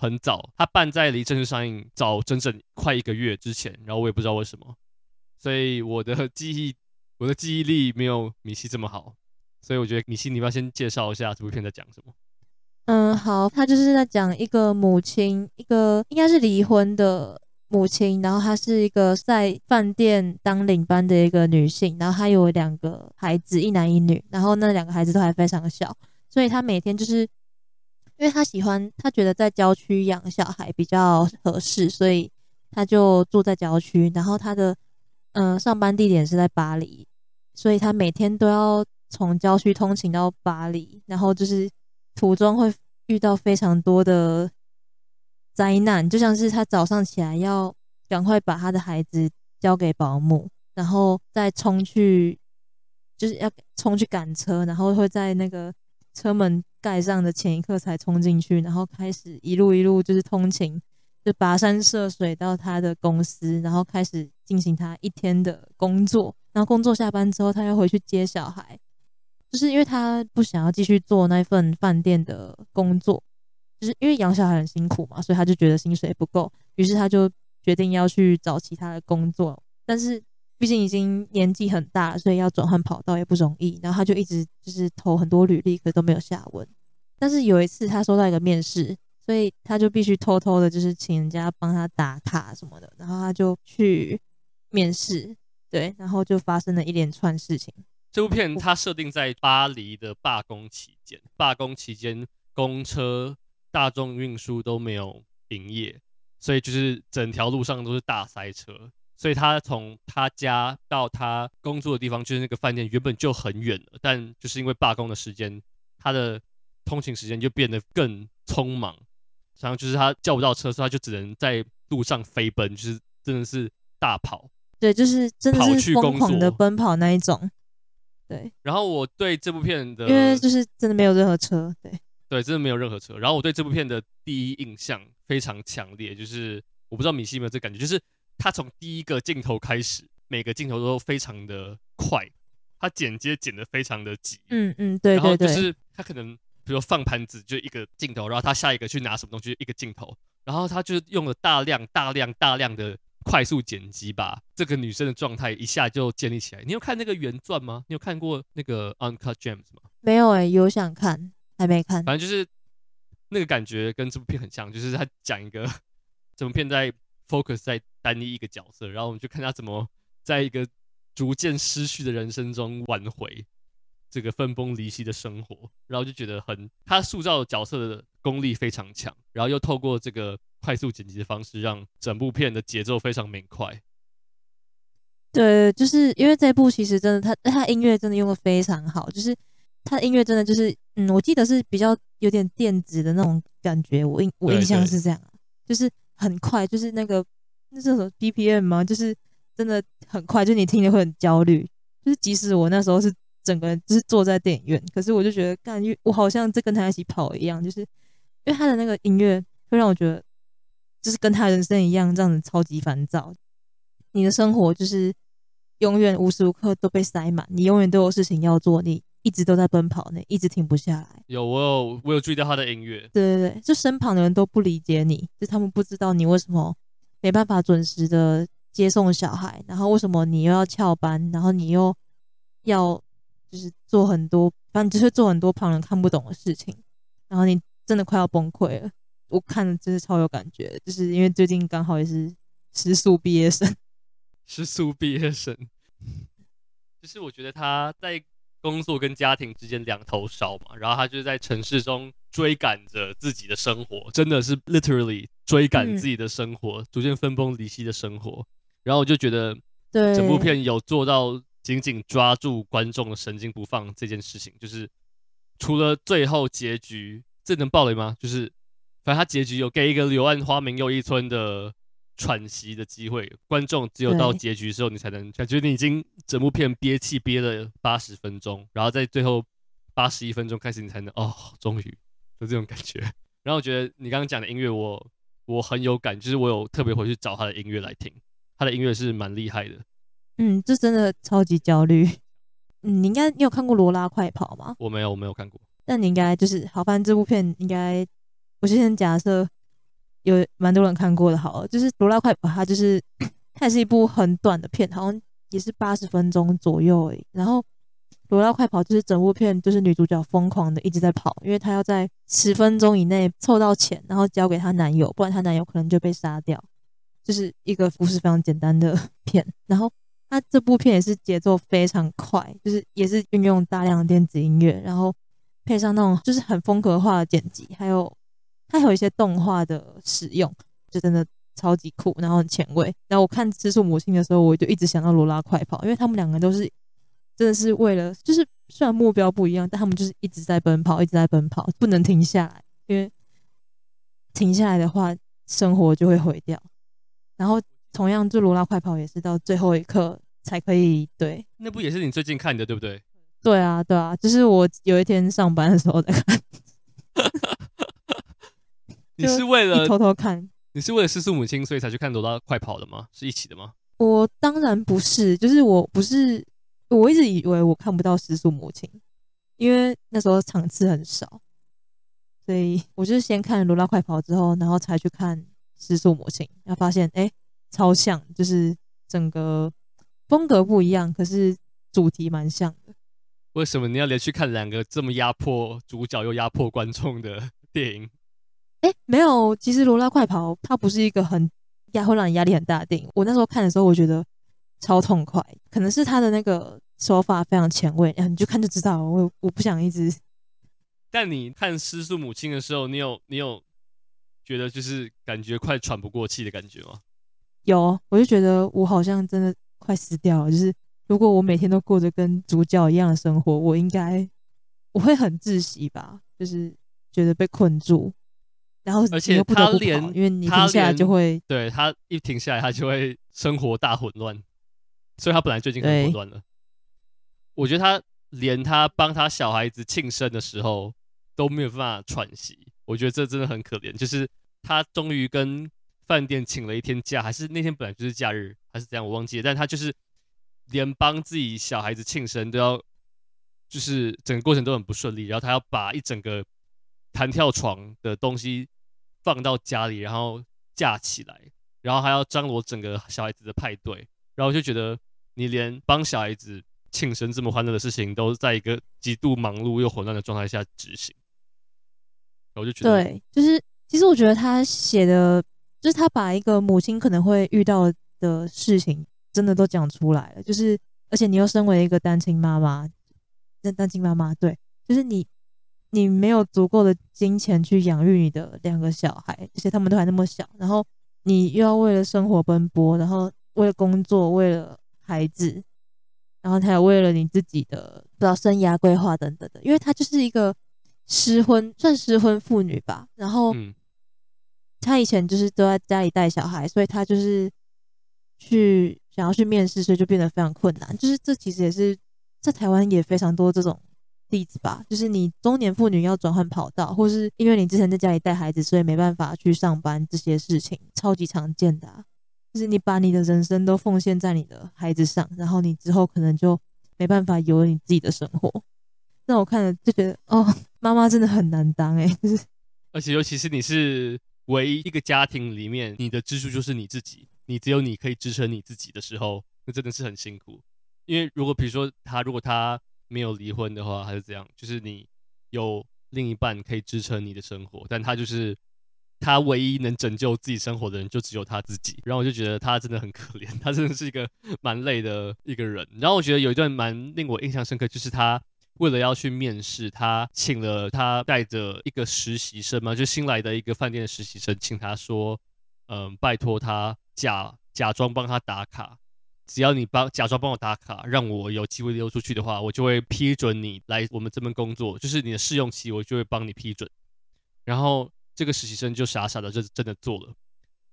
很早，他辦在離正式上映早整整快一個月之前，然後我也不知道為什麼，所以我的記憶，我的記憶力沒有米西這麼好，所以我覺得米西，你要先介紹一下這部片在講什麼。嗯，好，他就是在講一個母親，一個應該是離婚的母親，然後她是一個在飯店當領班的一個女性，然後她有兩個孩子，一男一女，然後那兩個孩子都還非常小，所以她每天就是。因為他喜歡，他覺得在郊區養小孩比較合適，所以他就住在郊區。然後他的，嗯、呃，上班地點是在巴黎，所以他每天都要從郊區通勤到巴黎。然後就是，途中會遇到非常多的災難，就像是他早上起來要趕快把他的孩子交給保姆，然後再衝去，就是要衝去趕車，然後會在那個。車門蓋上的前一刻才衝進去，然後開始一路一路就是通勤，就跋山涉水到他的公司，然後開始進行他一天的工作。然後工作下班之後，他又回去接小孩，就是因為他不想要繼續做那份飯店的工作，就是因為養小孩很辛苦嘛，所以他就覺得薪水不夠，於是他就決定要去找其他的工作，但是。畢竟已經年紀很大了，所以要轉換跑道也不容易。然後他就一直就是投很多履歷，可是都沒有下文。但是有一次他收到一個面試，所以他就必須偷偷的，就是請人家幫他打卡什麼的。然後他就去面試，對，然後就發生了一連串事情。這部片它設定在巴黎的罷工期間，罷工期間公車、大眾運輸都沒有營業，所以就是整條路上都是大塞車。所以他從他家到他工作的地方，就是那個飯店，原本就很遠了。但就是因為罷工的時間，他的通勤時間就變得更匆忙。然後就是他叫不到車，所以他就只能在路上飛奔，就是真的是大跑。對，就是真的是瘋狂的奔跑那一種。對。然後我對這部片的因為就是真的沒有任何車，對。對，真的沒有任何車。然後我對這部片的第一印象非常強烈，就是我不知道米西有沒有這感覺，就是。他從第一個鏡頭開始，每個鏡頭都非常的快，他剪接剪的非常的急，嗯嗯對對對，然後就是他可能，比如說放盤子就一個鏡頭，然後他下一個去拿什麼東西一個鏡頭，然後他就用了大量大量大量的快速剪輯把，這個女生的狀態一下就建立起來。你有看那個原鑽嗎？你有看過那個 Uncut Gems 嗎？沒有哎、欸，有想看，還沒看。反正就是那個感覺跟這部片很像，就是他講一個這部片在 focus 在。單一一個角色，然後，我們就看他怎麼在一個逐漸失去的人生中挽回這個分崩離析的生活，然後就覺得很，他塑造的角色的功力非常強，然後又透過這個快速剪輯的方式，讓整部片的節奏非常明快。對，就是因為這部其實真的他，他他音樂真的用得非常好，就是他的音樂真的就是嗯，我記得是比較有點電子的那種感覺，我，我印，對對，我印象是這樣，就是很快，就是那個。那是首 BPM 嗎？就是真的很快，就你聽了會很焦慮。就是即使我那時候是整個人就是坐在電影院，可是我就覺得幹，我好像在跟他一起跑一樣。就是因為他的那個音樂會讓我覺得，就是跟他人生一樣，這樣子超級煩躁。你的生活就是永遠無時無刻都被塞滿，你永遠都有事情要做，你一直都在奔跑，那一直停不下來。有我有我有注意到他的音樂。對對對，就身旁的人都不理解你，就他們不知道你為什麼。沒辦法準時的接送小孩，然後為什麼你又要翹班？然後你又要就是做很多，反正就是做很多旁人看不懂的事情，然後你真的快要崩潰了。我看真是超有感覺，就是因為最近剛好也是失速畢業生，失速畢業生，就是我覺得他在工作跟家庭之間兩頭燒嘛，然後他就是在城市中。追趕着自己的生活，真的是 literally 追趕自己的生活，嗯、逐漸分崩離析的生活。然後我就覺得，對，整部片有做到緊緊抓住觀眾的神經不放這件事情，就是除了最後結局，這能爆雷嗎？就是反正他結局有給一個柳暗花明又一村的喘息的機會。觀眾只有到結局之後，你才能對感覺你已經整部片憋氣憋了八十分鐘，然後在最後八十一分鐘開始，你才能哦，終於。有這種感覺，然後我覺得你剛剛講的音樂，我我很有感，就是我有特別回去找他的音樂來聽，他的音樂是蠻厲害的，嗯，這真的超級焦慮，嗯，你應該你有看過《羅拉快跑》嗎？我沒有，我沒有看過，那你應該就是好，反正這部片應該，我之前假設有蠻多人看過的好，就是《羅拉快跑》，它就是它是一部很短的片，好像也是八十分鐘左右哎，然後。羅拉快跑就是整部片，就是女主角瘋狂的一直在跑，因為她要在十分鐘以內湊到錢，然後交給她男友，不然她男友可能就被殺掉。就是一個故事非常簡單的片，然後它這部片也是節奏非常快，就是也是運用大量電子音樂，然後配上那種就是很風格化的剪輯，還有它還有一些動畫的使用，就真的超級酷，然後很前衛。然後我看《失速母親》的時候，我就一直想到羅拉快跑，因為他們兩個都是。真的是為了，就是雖然目標不一樣，但他們就是一直在奔跑，一直在奔跑，不能停下來，因為停下來的話，生活就會毀掉。然後，同樣，就《羅拉快跑》也是到最後一刻才可以，對。那不也是你最近看的，對不對？對啊，對啊，就是我有一天上班的時候在看。 你是為了偷偷 看？你是為了失速母親，所以才去看《羅拉快跑》的嗎？是一起的嗎？我當然不是，就是我不是。我一直以為我看不到《失速母親》，因為那時候場次很少，所以我就是先看《羅拉快跑》之後，然後才去看《失速母親》，然後發現哎、欸，超像，就是整個風格不一樣，可是主題蠻像的。為什麼你要連續看兩個這麼壓迫主角又壓迫觀眾的電影？哎、欸，沒有，其實《羅拉快跑》它不是一個很壓，會讓你壓力很大的電影。我那時候看的時候，我覺得。超痛快，可能是他的那個手法非常前衛，然後，啊，你就看就知道了。我我不想一直。但你看《失速母親》的時候，你有你有覺得就是感覺快喘不過氣的感覺嗎？有，我就覺得我好像真的快死掉了。就是如果我每天都過着跟主角一樣的生活，我應該我會很窒息吧？就是覺得被困住，然後又不得不，而且他連，因為你停下來就會他對他一停下來，他就會生活大混亂。所以，他本來最近很果斷了。我覺得他連他幫他小孩子慶生的時候都沒有辦法喘息。我覺得這真的很可憐。就是他終於跟飯店請了一天假，還是那天本來就是假日，還是怎樣，我忘記了。但他就是連幫自己小孩子慶生都要，就是整個過程都很不順利。然後他要把一整個彈跳床的東西放到家裡，然後架起來，然後還要張羅整個小孩子的派對。然後我就覺得。你連幫小孩子慶生這麼歡樂的事情，都在一個極度忙碌又混亂的狀態下執行，我就覺得對，就是其實我覺得他寫的，就是他把一個母親可能會遇到的事情，真的都講出來了。就是，而且你又身為一個單親媽媽，那單親媽媽對，就是你，你沒有足夠的金錢去養育你的兩個小孩，而且他們都還那麼小，然後你又要為了生活奔波，然後為了工作，為了孩子，然後他也為了你自己的不知道生涯規劃等等的，因為他就是一個失婚，算失婚婦女吧。然後，嗯、他以前就是都在家裡帶小孩，所以他就是去想要去面試，所以就變得非常困難。就是這其實也是在台灣也非常多這種例子吧。就是你中年婦女要轉換跑道，或是因為你之前在家裡帶孩子，所以沒辦法去上班，這些事情超級常見的、啊。就是你把你的人生都奉獻在你的孩子上，然後你之後可能就沒辦法有你自己的生活。那我看了就覺得，哦，媽媽真的很難當哎。就是，而且尤其是你是唯一一個家庭裡面，你的支柱就是你自己，你只有你可以支撐你自己的時候，那真的是很辛苦。因為如果比如說他如果他沒有離婚的話，還是怎樣，就是你有另一半可以支撐你的生活，但他就是。他唯一能拯救自己生活的人就只有他自己，然後我就覺得他真的很可憐，他真的是一個蠻累的一個人。然後我覺得有一段蠻令我印象深刻，就是他為了要去面試，他請了他帶着一個實習生嘛，就新來的一個飯店的實習生，請他說：“嗯，拜托他假假裝幫他打卡，只要你幫假裝幫我打卡，讓我有機會溜出去的話，我就會批准你來我們這邊工作，就是你的試用期，我就會幫你批准。”然後。這個實習生就傻傻的就真的做了，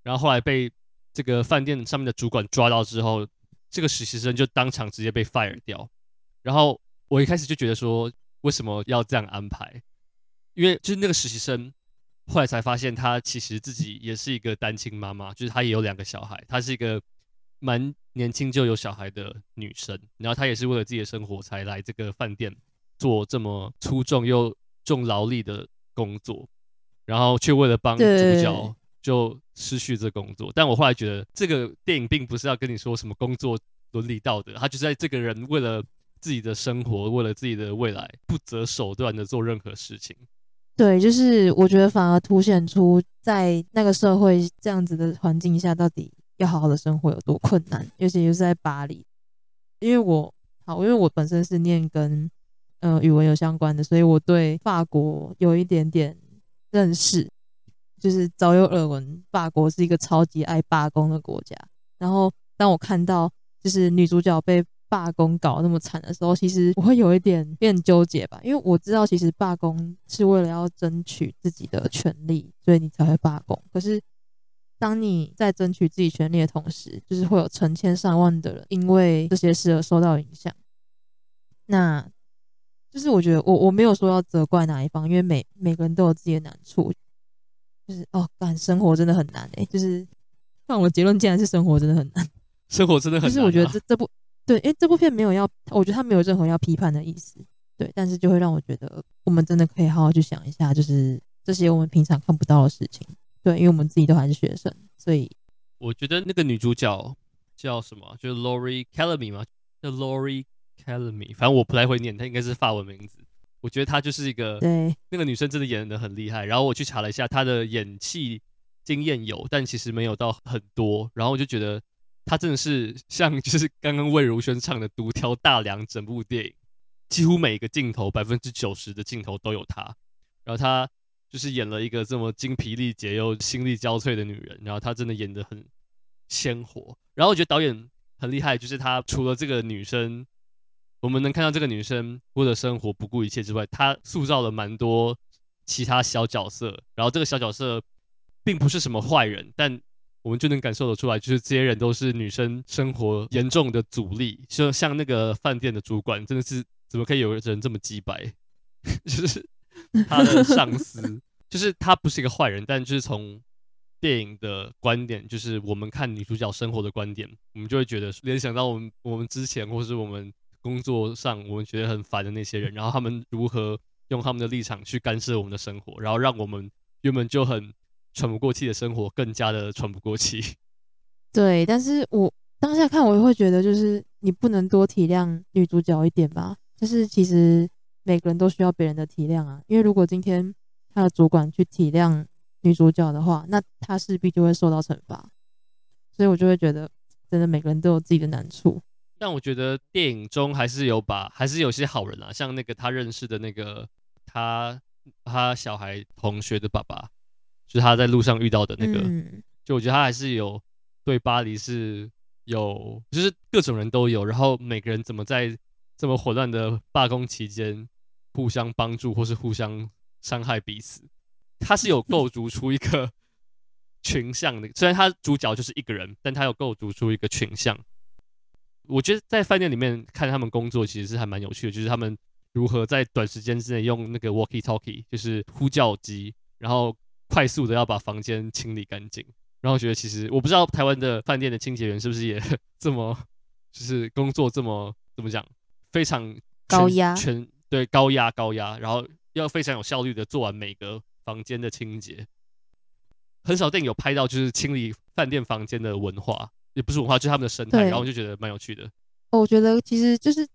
然後後來被這個飯店上面的主管抓到之後，這個實習生就當場直接被 fire 掉。然後我一開始就覺得說，為什麼要這樣安排？因為就是那個實習生，後來才發現他其實自己也是一個單親媽媽，就是他也有兩個小孩，他是一個蠻年輕就有小孩的女生。然後她也是為了自己的生活才來這個飯店做這麼粗重又重勞力的工作。然後卻為了幫主角就失去這工作，但我後來覺得這個電影並不是要跟你說什麼工作倫理道德，它就是在這個人為了自己的生活、為了自己的未來，不擇手段的做任何事情。對，就是我覺得反而凸顯出在那個社會這樣子的環境下，到底要好好的生活有多困難，尤其就是在巴黎，因為我好，因為我本身是念跟呃語文有相關的，所以我對法國有一點點。認識就是早有耳聞，法國是一個超級愛罷工的國家。然後當我看到就是女主角被罷工搞得那麼慘的時候，其實我會有一點變糾結吧，因為我知道其實罷工是為了要爭取自己的權利，所以你才會罷工。可是當你在爭取自己權利的同時，就是會有成千上萬的人因為這些事而受到影響。那就是我覺得我我沒有說要責怪哪一方，因為每每個人都有自己的難處，就是哦，感生活真的很難哎，就是，看我的結論竟然是生活真的很難，生活真的很難、啊、就是我覺得這這部對哎這部片沒有要，我覺得它沒有任何要批判的意思，對，但是就會讓我覺得我們真的可以好好去想一下，就是這些我們平常看不到的事情，對，因為我們自己都還是學生，所以我覺得那個女主角叫什麼，就是 Laure Calamy、um、嗎？叫 Laure。Tell me，反正我不太會念，她應該是法文名字。我覺得她就是一個，對那個女生真的演得很厲害。然後我去查了一下，她的演技經驗有，但其實沒有到很多。然後我就覺得她真的是像，就是剛剛魏如萱唱的《獨挑大樑》，整部電影幾乎每一個鏡頭，百分之九十的鏡頭都有她。然後她就是演了一個這麼精疲力竭又心力交瘁的女人。然後她真的演得很鮮活。然後我覺得導演很厲害，就是他除了這個女生，我們能看到這個女生為了生活不顧一切之外，她塑造了蠻多其他小角色。然後這個小角色並不是什麼壞人，但我們就能感受得出來，就是這些人都是女生生活嚴重的阻力。就像那個飯店的主管，真的是怎麼可以有人這麼機掰？ 就是他的上司， 就是他不是一個壞人，但就是從電影的觀點，就是我們看女主角生活的觀點，我們就會覺得聯想到我們我們之前，或是我們。工作上我們覺得很煩的那些人，然後他們如何用他們的立場去干涉我們的生活，然後讓我們原本就很喘不過氣的生活更加的喘不過氣。對，但是我當下看，我就會覺得就是你不能多體諒女主角一點吧？就是其實每個人都需要別人的體諒啊，因為如果今天他的主管去體諒女主角的話，那他勢必就會受到懲罰。所以我就會覺得，真的每個人都有自己的難處。但我覺得電影中還是有把，還是有些好人啊，像那個他認識的那個他他小孩同學的爸爸，就是他在路上遇到的那個。就我覺得他還是有對巴黎是有，就是各種人都有，然後每個人怎麼在這麼混亂的罷工期間互相幫助或是互相傷害彼此，他是有構築出一個群像的。雖然他主角就是一個人，但他有構築出一個群像。我覺得在飯店裡面看他們工作其實是還蠻有趣的，就是他們如何在短時間之內用那個 walkie-talkie，就是呼叫機，然後快速的要把房間清理乾淨。然後覺得其實我不知道台灣的飯店的清潔員是不是也這麼，就是工作這麼怎麼講，非常高壓全對高壓高壓，然後要非常有效率的做完每個房間的清潔。很少電影有拍到就是清理飯店房間的文化。也不是文化，就是他們的生態，對然後我就覺得蠻有趣的。哦，我覺得其實就是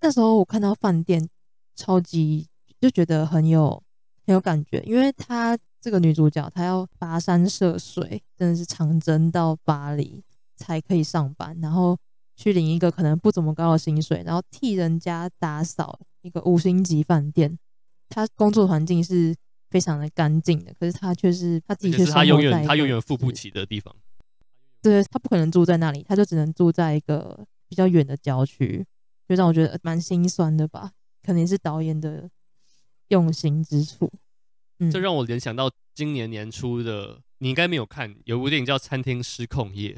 那時候我看到飯店，超級就覺得很有很有感覺，因為她這個女主角，她要跋山涉水，真的是長征到巴黎才可以上班，然後去領一個可能不怎麼高的薪水，然後替人家打掃一個五星級飯店。他工作環境是非常的乾淨的，可是他卻是他自己，她實是他永遠他永遠付不起的地方。對，他不可能住在那裡，他就只能住在一個比較遠的郊區，就讓我覺得蠻心酸的吧。可能是導演的用心之處，嗯，這讓我聯想到今年年初的，你應該沒有看，有部電影叫《餐廳失控夜》，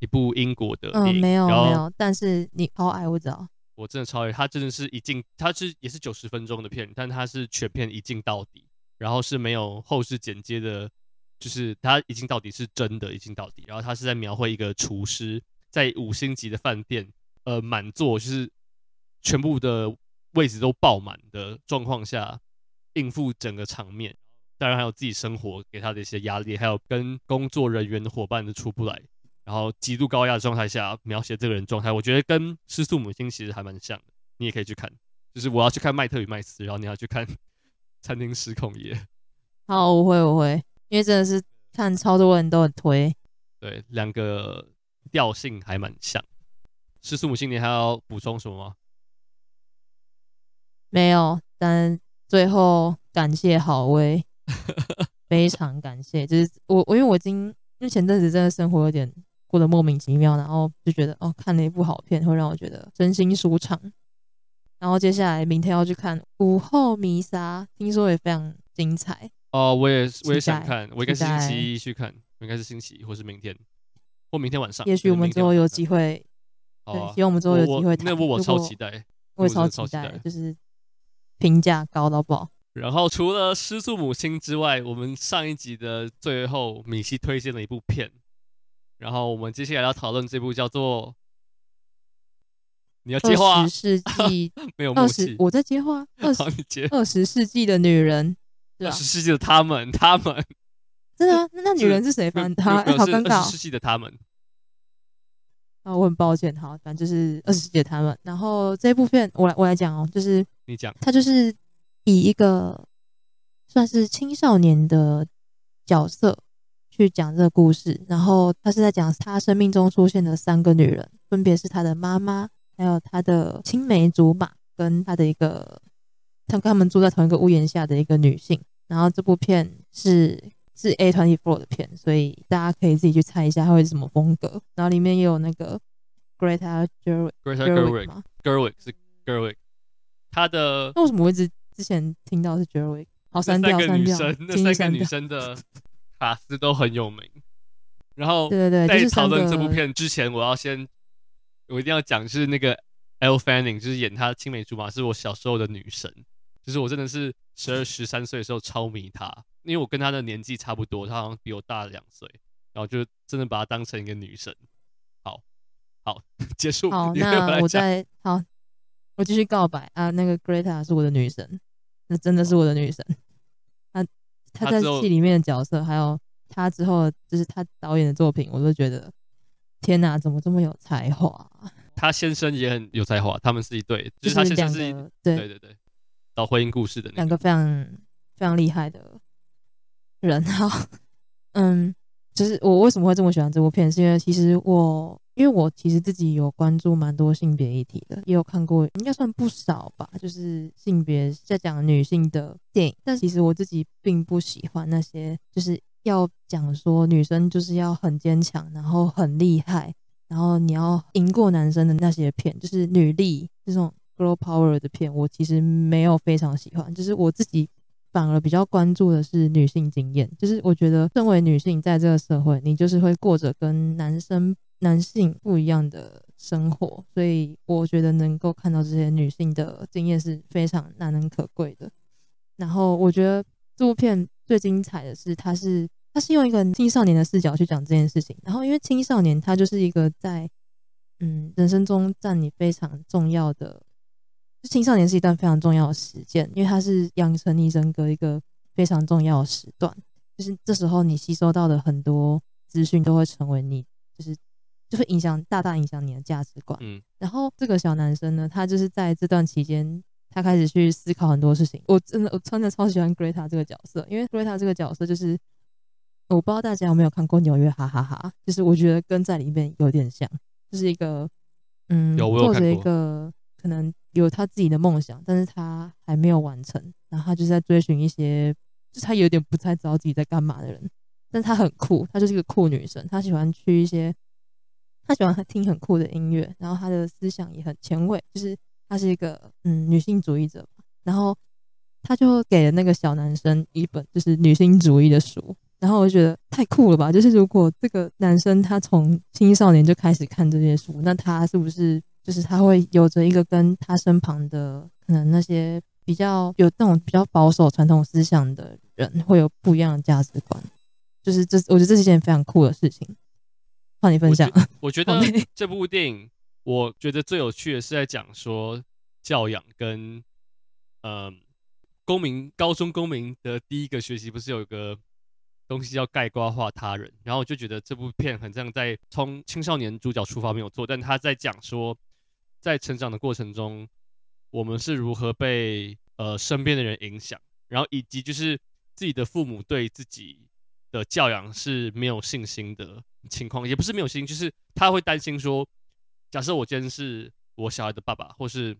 一部英國的電影。影、嗯。沒有，後沒有。但是你超愛我知道。我真的超愛，他真的是一鏡，他是也是九十分鐘的片，但他是全片一鏡到底，然後是沒有後世剪接的。就是他已經到底是真的一鏡到底，然後他是在描繪一個廚師在五星級的飯店，呃，滿座就是全部的位置都爆滿的狀況下應付整個場面，當然還有自己生活給他的一些壓力，還有跟工作人員的伙伴都出不來，然後極度高壓的狀態下描寫這個人狀態，我覺得跟失速母親其實還蠻像的，你也可以去看，就是我要去看麥特與麥斯，然後你要去看餐廳失控耶。好，我會我會。因為真的是看超多人都很推，對，兩個調性還蠻像。失速母親，你還要補充什麼嗎？沒有，但最後感謝好威， 非常感謝。就是我我因為我今，因為前陣子真的生活有點過得莫名其妙，然後就覺得哦看了一部好片會讓我覺得身心舒暢。然後接下來明天要去看《午後彌撒》，聽說也非常精彩。哦，我也我也想看，我應該是星期一去看，我應該是星期一或是明天，或明天晚上。也許我們之後有機會，對，希望我們之後有機會。那部我超期待，我也超期待，就是評價高到爆。然後除了《失速母親》之外，我們上一集的最後，米西推薦了一部片，然後我們接下來要討論這部叫做《你要接話》二十世紀沒有二十，我在接話二十世紀的女人。二十，啊、世紀的他們，他們真的啊？那那女人是誰翻他哎，是、啊，好尷尬，哦。二十世紀的他們，那、啊、我很抱歉哈。反正就是二十世紀的他們。然後這一部片我來我來講哦，就是你講講。他就是以一個算是青少年的角色去講這個故事，然後他是在講他生命中出現的三個女人，分別是他的媽媽，還有他的青梅竹馬，跟他的一個。他跟他們住在同一個屋檐下的一個女性，然後這部片是是 A24 的片，所以大家可以自己去猜一下它會是什麼風格。然後裡面也有那個 Greta Gerwig 嘛？Gerwig 是 Gerwig，他的那為什麼我一直之前聽到是 Gerwig？好刪掉刪掉。三個女生，女生神的，三個女生的 卡司都很有名。然後對對對，在討論這部片之前，我要先我一定要講就是那個 Elle Fanning，就是演她青梅竹馬，是我小時候的女神。就是我真的是十二十三歲的時候超迷她，因為我跟她的年紀差不多，她好像比我大兩歲，然後就真的把她當成一個女神好好好。好，好，結束。好，那我再好，我繼續告白啊。那個 Greta 是我的女神，那真的是我的女神。好，她她在戲裡面的角色，還有她之後就是她導演的作品，我都覺得天哪、啊，怎麼這麼有才華、啊？她先生也很有才華，他們是一對，就是兩個對，對對對對。到婚姻故事的那個兩個非常非常厲害的人哈， 嗯，就是我為什麼會這麼喜歡這部片，是因為其實我因為我其實自己有關注蠻多性別議題的，也有看過應該算不少吧，就是性別在講女性的電影，但其實我自己並不喜歡那些，就是要講說女生就是要很堅強，然後很厲害，然後你要贏過男生的那些片，就是女力這種。Girl Power 的片，我其實沒有非常喜歡，就是我自己反而比較關注的是女性經驗。就是我覺得身為女性在這個社會，你就是會過着跟男生男性不一樣的生活，所以我覺得能夠看到這些女性的經驗是非常難能可貴的。然後我覺得這部片最精彩的是，它是它是用一個青少年的視角去講這件事情。然後因為青少年他就是一個在嗯人生中佔你非常重要的。青少年是一段非常重要的時間，因為他是養成你人格一個非常重要的時段，就是這時候你吸收到的很多資訊都會成為你，就是就會、是、影響大大影響你的價值觀。嗯，然後這個小男生呢，他就是在這段期間，他開始去思考很多事情。我真的，我真的超喜歡 Greta 這個角色，因為 Greta 這個角色就是我不知道大家有沒有看過《紐約哈哈哈》，就是我覺得跟在裡面有點像，就是一個嗯，做着一個可能。有他自己的夢想，但是他還沒有完成。然後他就在追尋一些，就是、他有點不太知道自己在幹嘛的人。但是他很酷，他就是一個酷女生。他喜歡去一些，他喜歡聽很酷的音樂，然後他的思想也很前衛，就是他是一個嗯女性主義者。然後他就給了那個小男生一本就是女性主義的書，然後我就覺得太酷了吧。就是如果這個男生他從青少年就開始看這些書，那他是不是？就是他會有着一個跟他身旁的可能那些比較有那種比較保守傳統思想的人會有不一樣的價值觀，就是這我覺得這是一件非常酷的事情。換你分享，我,我覺得這部電影，我覺得最有趣的是在講說教養跟嗯、呃、公民高中公民的第一個學習不是有一個東西叫概括化他人，然後我就覺得這部片很像在從青少年主角出發沒有錯，但他在講說。在成長的過程中，我們是如何被呃身邊的人影響，然後以及就是自己的父母對自己的教養是沒有信心的情況，也不是沒有信心，就是他會擔心說，假設我今天是我小孩的爸爸，或是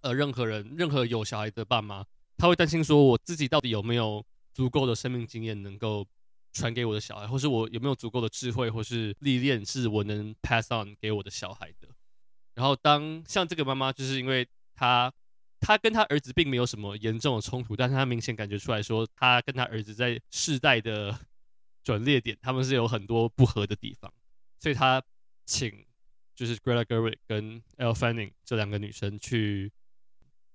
呃任何人，任何有小孩的爸媽，他會擔心說我自己到底有沒有足夠的生命經驗能夠傳給我的小孩，或是我有沒有足夠的智慧或是歷練是我能 pass on 給我的小孩的。然後，當像這個媽媽，就是因為她，她跟她兒子並沒有什麼嚴重的衝突，但是她明顯感覺出來說，她跟她兒子在世代的轉捩點，他們是有很多不合的地方，所以她請就是 Greta Gerwig 跟 Elle Fanning 這兩個女生去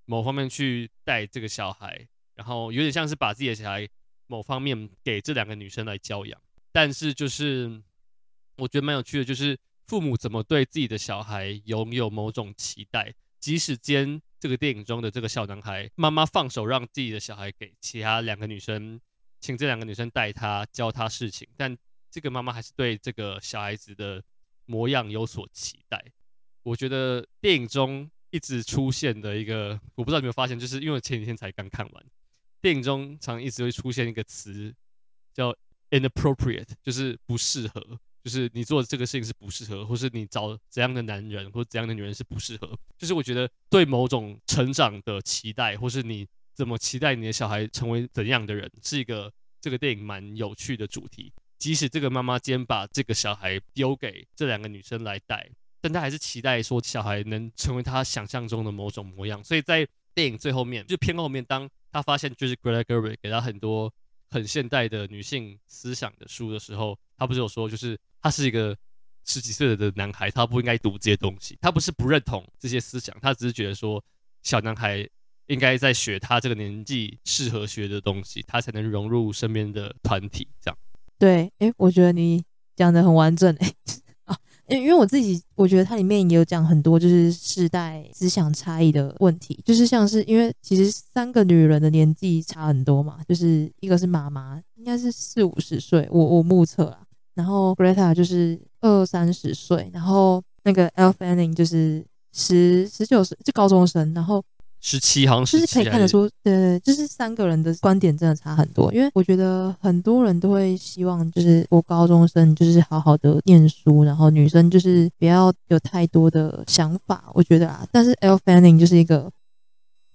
某方面去帶這個小孩，然後有點像是把自己的小孩某方面給這兩個女生來教養，但是就是我覺得蠻有趣的，就是。父母怎麼對自己的小孩有沒有某種期待，即使間這個電影中的這個小男孩，媽媽放手讓自己的小孩給其他兩個女生，請這兩個女生帶他教他事情，但這個媽媽還是對這個小孩子的模樣有所期待。我覺得電影中一直出現的一個，我不知道你有沒有發現，就是因為前幾天才剛看完。電影中常一直會出現一個詞叫 inappropriate，就是不適合。就是你做的這個事情是不適合，或是你找怎樣的男人或怎樣的女人是不適合。就是我覺得對某種成長的期待，或是你怎麼期待你的小孩成為怎樣的人，是一個這個電影蠻有趣的主題。即使這個媽媽今天把這個小孩丟給這兩個女生來帶，但她還是期待說小孩能成為她想象中的某種模樣。所以在電影最後面，就偏、是、後面，當她發現就是格雷格瑞給她很多很現代的女性思想的書的時候，她不是有說就是。他是一個十幾歲的男孩，他不應該讀這些東西。他不是不認同這些思想，他只是覺得說，小男孩應該在學他這個年紀適合學的東西，他才能融入身邊的團體。這樣。對，誒我覺得你講的很完整、 啊，誒啊，因因為我自己，我覺得它裡面也有講很多就是世代思想差異的問題，就是像是因為其實三個女人的年紀差很多嘛，就是一個是媽媽，應該是四五十歲，我我目測啦然後 Greta 就是二三十歲，然後那個 Elle Fanning 就是十十九歲，就高中生。然後十七行，就是可以看得出，對，對，對，就是三個人的觀點真的差很多。因為我覺得很多人都會希望，就是我高中生就是好好的念書，然後女生就是不要有太多的想法。我覺得啊，但是 Elle Fanning 就是一個。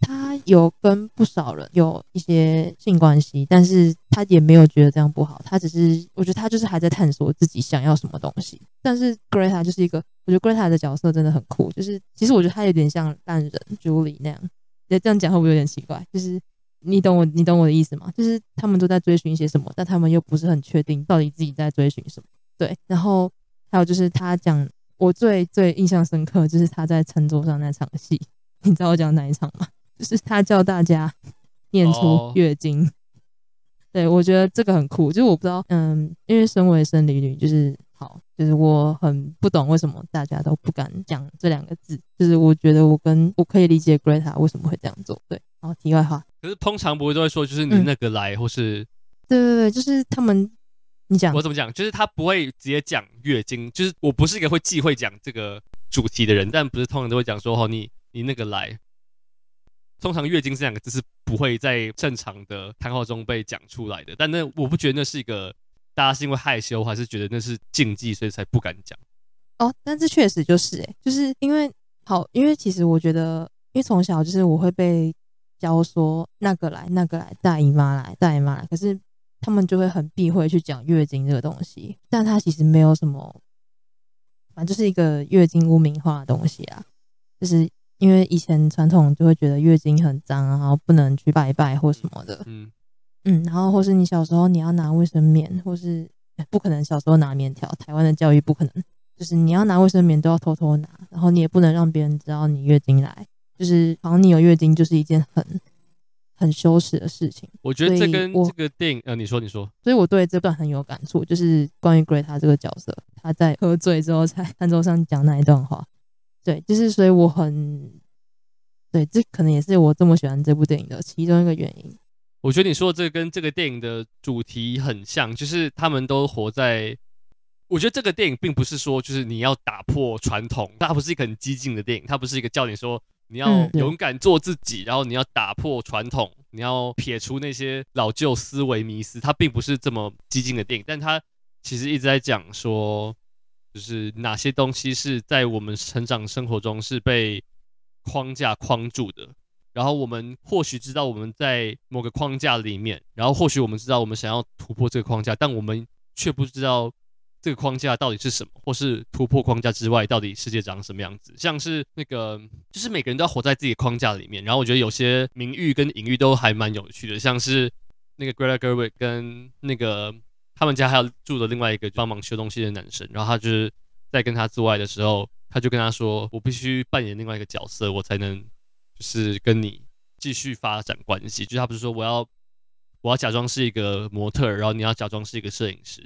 他有跟不少人有一些性關係，但是他也沒有覺得這樣不好。他只是，我覺得他就是還在探索自己想要什麼東西。但是 Greta 就是一個，我覺得 Greta 的角色真的很酷。就是其實我覺得他有點像爛人 Julie 那樣，你這樣講會不會有點奇怪？就是你懂我，你懂我的意思嗎？就是他們都在追尋一些什麼，但他們又不是很確定到底自己在追尋什麼。對，然後還有就是他講，我最最印象深刻就是他在餐桌上那場戲。你知道我講哪一場嗎？是他叫大家念出月經、Oh. 對，對我覺得這個很酷，就是我不知道，嗯，因為身為生理女，就是好，就是我很不懂為什麼大家都不敢講這兩個字，就是我覺得我跟我可以理解 Greta 為什麼會這樣做，對，然後題外話，可是通常不會都會說，就是你那個來，嗯、或是對對對，就是他們，你講我怎麼講，就是他不會直接講月經，就是我不是一個會忌諱講這個主題的人，但不是通常都會講說，哦，你你那個來。通常月經這兩個字是不會在正常的談話中被講出來的，但那我不覺得那是一個大家是因為害羞，還是覺得那是禁忌，所以才不敢講。哦，但這確實就是，誒，就是因為好，因為其實我覺得，因為從小就是我會被教說那個來那個來大姨媽來大姨媽來，可是他們就會很避諱去講月經這個東西，但它其實沒有什麼，反正就是一個月經污名化的東西啊，就是。因為以前傳統就會覺得月經很髒啊，然後不能去拜拜或什麼的。嗯嗯，然後或是你小時候你要拿衛生棉，或是不可能小時候拿棉條。台灣的教育不可能，就是你要拿衛生棉都要偷偷拿，然後你也不能讓別人知道你月經來，就是好像你有月經就是一件很很羞恥的事情。我覺得這跟這個電影呃，你說你說。所以我對這段很有感觸，就是關於 Greta 這個角色，她在喝醉之後在餐桌上講那一段話。對，就是所以我很，對，這可能也是我這麼喜歡這部電影的其中一個原因。我覺得你說的這跟這個電影的主題很像，就是他們都活在。我覺得這個電影並不是說就是你要打破傳統，它不是一個很激進的電影，它不是一個叫你說你要勇敢做自己，嗯、然後你要打破傳統，你要撇除那些老舊思維迷思，它並不是這麼激進的電影，但它其實一直在講說。就是哪些東西是在我們成長生活中是被框架框住的，然後我們或許知道我們在某個框架裡面，然後或許我們知道我們想要突破這個框架，但我們卻不知道這個框架到底是什麼，或是突破框架之外到底世界長什麼樣子。像是那個，就是每個人都要活在自己的框架裡面。然後我覺得有些明喻跟隱喻都還蠻有趣的，像是那個 Greta Gerwig 跟那個。他們家還有住的另外一個幫忙修東西的男生，然後他就是在跟他做愛的時候，他就跟他說：“我必須扮演另外一個角色，我才能就是跟你繼續發展關係。”就是他不是說我要我要假裝是一個模特，然後你要假裝是一個攝影師，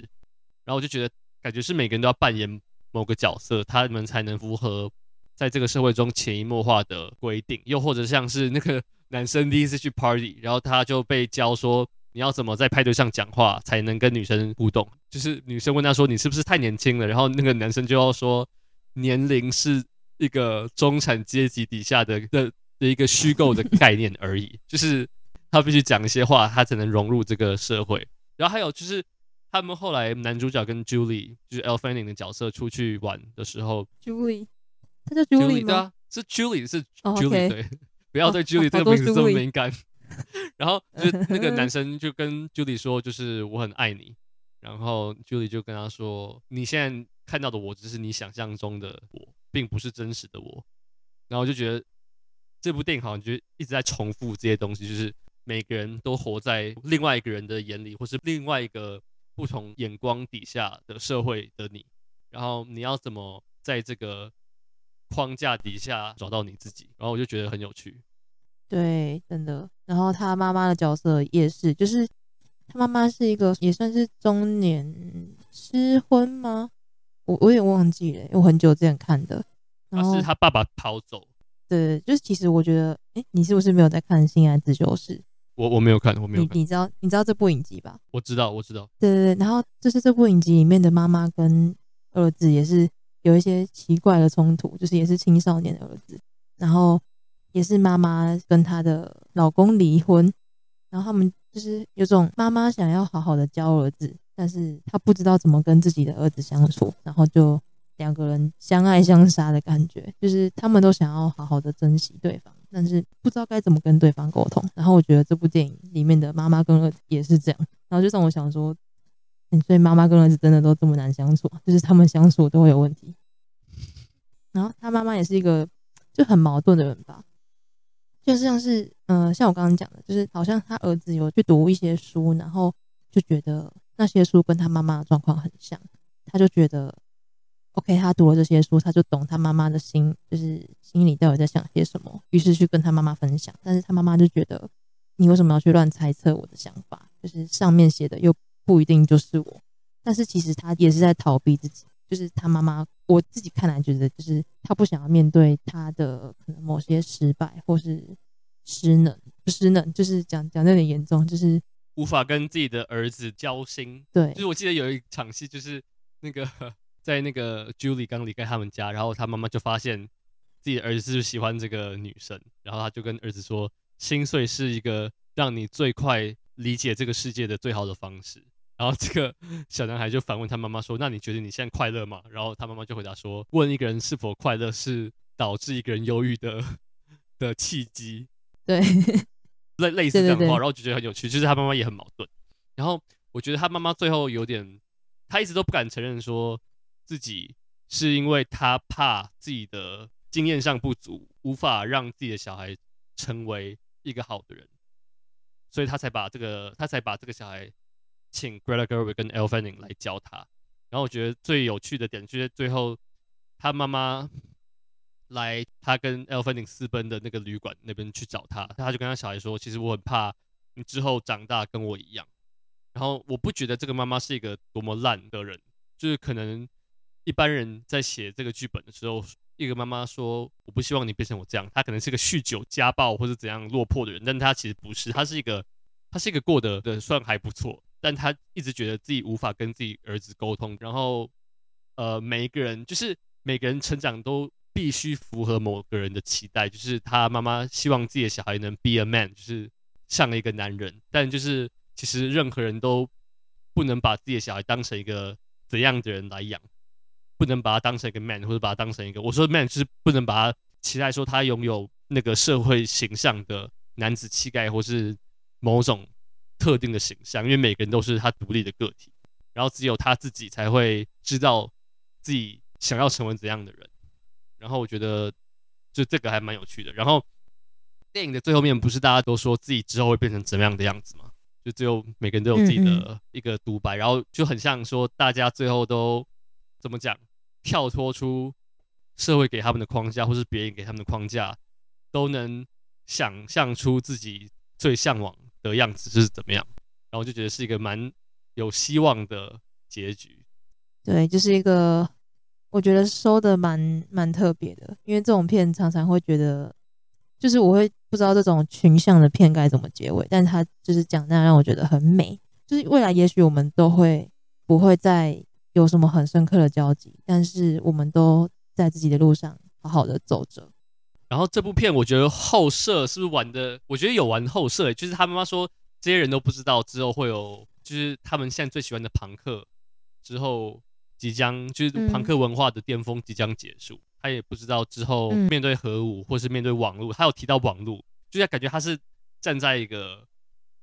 然後我就覺得感覺是每個人都要扮演某個角色，他們才能符合在這個社會中潛移默化的規定。又或者像是那個男生第一次去 party，然後他就被教說。你要怎麼在派對上講話才能跟女生互動？就是女生問他說：“你是不是太年輕了？”然後那個男生就要說：“年齡是一個中產階級底下的的的一個虛構的概念而已。”就是他必須講一些話，他才能融入這個社會。然後還有就是，他們後來男主角跟 Julie 就是 Elle Fanning 的角色出去玩的時候，Julie，他叫 Julie 嗎？對啊，Julie 是 Julie，對，不要對 Julie 這個名字這麼敏感。 然後就那個男生就跟 Julie 說，就是我很愛你。然後 Julie 就跟他說，你現在看到的我只是你想象中的我，並不是真實的我。然後我就覺得這部電影好像就一直在重複這些東西，就是每個人都活在另外一個人的眼裡，或是另外一個不同眼光底下的社會的你。然後你要怎麼在這個框架底下找到你自己？然後我就覺得很有趣。對，真的。然後他媽媽的角色也是，就是他媽媽是一個也算是中年失婚嗎？我我也忘記了，我很久之前看的。他、啊、是他爸爸逃走。對，就是其實我覺得，哎，你是不是沒有在看《性愛自修室》？我我沒有看，我沒有看。你你知道你知道這部影集吧？我知道我知道。對對，然後就是這部影集裡面的媽媽跟兒子也是有一些奇怪的衝突，就是也是青少年的兒子，然後。也是媽媽跟她的老公離婚，然後他們就是有種媽媽想要好好的教兒子，但是他不知道怎麼跟自己的兒子相處，然後就兩個人相愛相殺的感覺，就是他們都想要好好的珍惜對方，但是不知道該怎麼跟對方溝通。然後我覺得這部電影裡面的媽媽跟兒子也是這樣，然後就讓我想說，所以媽媽跟兒子真的都這麼難相處，就是他們相處都會有問題。然後他媽媽也是一個就很矛盾的人吧。就是像是，嗯、呃，像我剛剛講的，就是好像他兒子有去讀一些書，然後就覺得那些書跟他媽媽的狀況很像，他就覺得，OK，他讀了這些書，他就懂他媽媽的心，就是心裡到底在想些什麼，於是去跟他媽媽分享。但是他媽媽就覺得，你為什麼要去亂猜測我的想法？就是上面寫的又不一定就是我。但是其實他也是在逃避自己，就是他媽媽。我自己看來覺得，就是他不想要面對他的某些失敗，或是失能，失能，就是講講得有點嚴重，就是無法跟自己的兒子交心。對，就是我記得有一場戲，就是那個在那個 Julie 剛離開他們家，然後他媽媽就發現自己的兒子是喜歡這個女生，然後他就跟兒子說，心碎是一個讓你最快理解這個世界的最好的方式。然後這個小男孩就反問他媽媽說：“那你覺得你現在快樂嗎？”然後他媽媽就回答說：“問一個人是否快樂，是導致一個人憂鬱的的契機。”對，類類似這樣的話，對對對，然後我覺得很有趣。就是他媽媽也很矛盾。然後我覺得他媽媽最後有點，他一直都不敢承認，說自己是因為他怕自己的經驗上不足，無法讓自己的小孩成為一個好的人，所以他才把這個，他才把這個小孩。請 Greta Gerwig 跟 Elle Fanning 來教他，然後我覺得最有趣的點就是在最後他媽媽來他跟 Elle Fanning 私奔的那個旅館那邊去找他，他就跟他小孩說：“其實我很怕你之後長大跟我一樣。”然後我不覺得這個媽媽是一個多麼爛的人，就是可能一般人在寫這個劇本的時候，一個媽媽說：“我不希望你變成我這樣。”她可能是個酗酒、家暴或者怎樣落魄的人，但她其實不是，她是一個她是一個過得的算還不錯。但他一直覺得自己無法跟自己兒子溝通，然後，呃，每一個人就是每個人成長都必須符合某個人的期待，就是他媽媽希望自己的小孩能 be a man，就是像一個男人，但就是其實任何人都不能把自己的小孩當成一個怎樣的人來養，不能把他當成一個 man，或者把他當成一個，我說的 man 就是不能把他期待說他擁有那個社會形象的男子氣概，或是某種。特定的形象，因為每個人都是他獨立的個體，然後只有他自己才會知道自己想要成為怎樣的人。然後我覺得就這個還蠻有趣的。然後電影的最後面，不是大家都說自己之後會變成怎麼樣的樣子嘛？就最後每個人都有自己的一個獨白，嗯嗯。然後就很像說大家最後都怎麼講，跳脫出社會給他們的框架，或是別人給他們的框架，都能想象出自己最嚮往的。的樣子是怎麼樣？然後我就覺得是一個蠻有希望的結局。對，就是一個我覺得收的蠻蠻特別的，因為這種片常常會覺得，就是我會不知道這種群像的片該怎麼結尾，但是他就是講那樣讓我覺得很美，就是未來也許我們都會不會再有什麼很深刻的交集，但是我們都在自己的路上好好的走着。然後這部片我覺得後設是不是玩的？我覺得有玩後設。欸，就是他媽媽說這些人都不知道之後會有，就是他們現在最喜歡的龐克，之後即將就是龐克文化的巔峰即將結束，他也不知道之後面對核武或是面對網絡，他有提到網絡，就是感覺他是站在一個，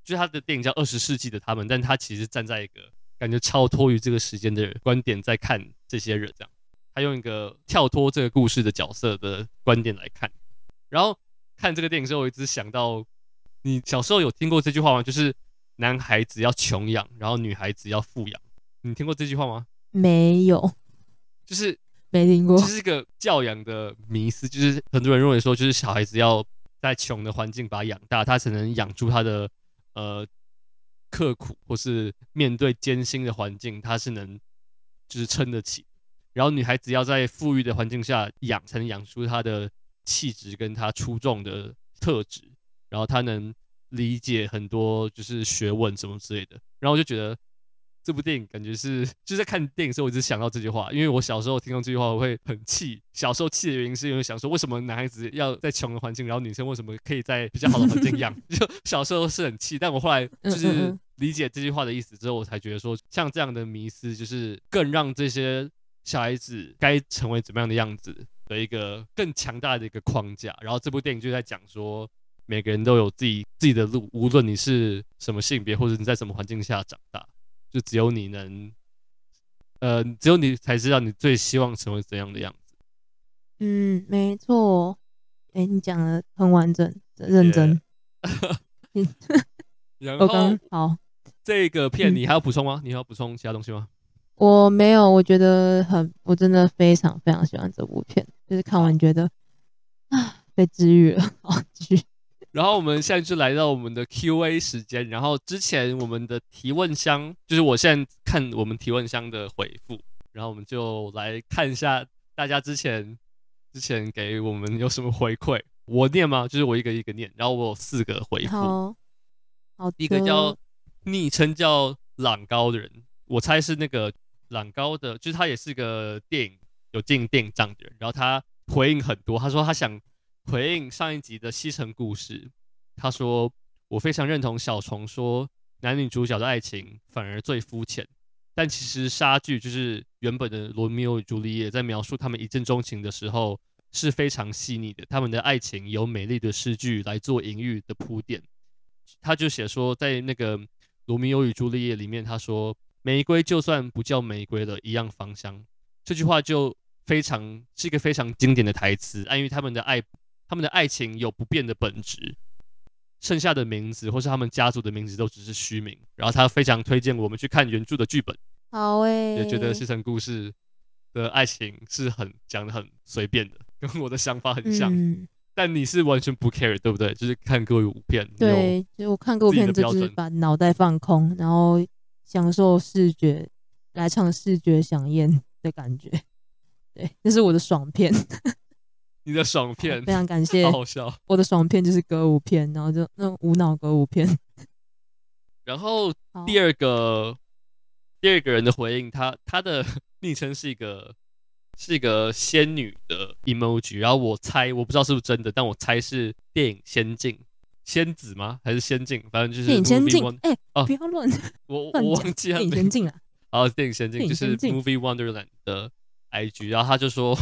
就是他的電影叫《二十世紀的她們》，但他其實站在一個感覺超脫於這個時間的觀點在看這些人，這樣他用一個跳脫這個故事的角色的觀點來看。然後看這個電影之後，我一直想到，你小時候有聽過這句話嗎？就是男孩子要窮養，然後女孩子要富養。你聽過這句話嗎？沒有，就是沒聽過。這是一個教養的迷思，就是很多人認為說，就是小孩子要在窮的環境把他養大，他才能養出他的呃刻苦，或是面對艱辛的環境，他是能就是撐得起。然後女孩子要在富裕的環境下養，才能養出她的。氣質跟他出眾的特質，然後他能理解很多就是學問什麼之類的，然後我就覺得這部電影感覺是，就是在看電影的時候我一直想到這句話，因為我小時候聽到這句話我會很氣，小時候氣的原因是因為我想說，為什麼男孩子要在窮的環境，然後女生為什麼可以在比較好的環境養， 就小時候是很氣，但我後來就是理解這句話的意思之後，我才覺得說 像這樣的迷思就是更讓這些小孩子該成為怎麼樣的樣子。的一個更強大的一個框架，然後這部電影就在講說，每個人都有自己自己的路，無論你是什麼性別或者你在什麼環境下長大，就只有你能，呃，只有你才知道你最希望成為怎樣的樣子。嗯，沒錯，哎、欸，你講得很完整，認真。你，我剛好，這個片你還要補充嗎？嗯、你還要補充其他東西嗎？我沒有，我覺得很，我真的非常非常喜歡這部片，就是看完覺得啊被治癒了，好治癒。然後我們現在就來到我們的 Q&A 時間，然後之前我們的提問箱，就是我現在看我們提問箱的回復，然後我們就來看一下大家之前之前給我們有什麼回饋。我念嗎？就是我一個一個念，然後我有四個回復，好，一個叫昵稱叫朗高的人，我猜是那個。朗高的就是他也是個電影有進電影賬的人，然後他回應很多，他說他想回應上一集的西城故事。他說我非常認同小蟲說男女主角的愛情反而最膚淺，但其實莎劇就是原本的羅密歐與朱麗葉，在描述他們一見鍾情的時候是非常細膩的，他們的愛情有美麗的詩句來做隱喻的鋪墊。他就寫說在那個羅密歐與朱麗葉裡面，他說。玫瑰就算不叫玫瑰了一樣芳香，這句話就非常是一個非常經典的台詞，暗喻他們的愛，他們的愛情有不變的本質。剩下的名字或是他們家族的名字都只是虛名。然後他非常推薦我們去看原著的劇本，好誒、欸，也覺得西城故事的愛情是很講得很隨便的，跟我的想法很像。嗯、但你是完全不 care 對不對？就是看歌舞片，對，就我看歌舞片就是把腦袋放空，然後。享受視覺，來唱視覺饗宴的感覺，對，那是我的爽片。 你的爽片？非常感謝。好好笑。我的爽片就是歌舞片，然後就那種無腦歌舞片。然後第二個，好第二個人的回應他，他他的昵稱是一個是一個仙女的 emoji，然後我猜，我不知道是不是真的，但我猜是電影《仙境》。仙子嗎？還是仙境？反正就是電影仙境。哎，不要我亂講，我我忘記電影仙境了，啊。啊，電影仙境，影仙境就是《Movie Wonderland》的 IG，然後他就說，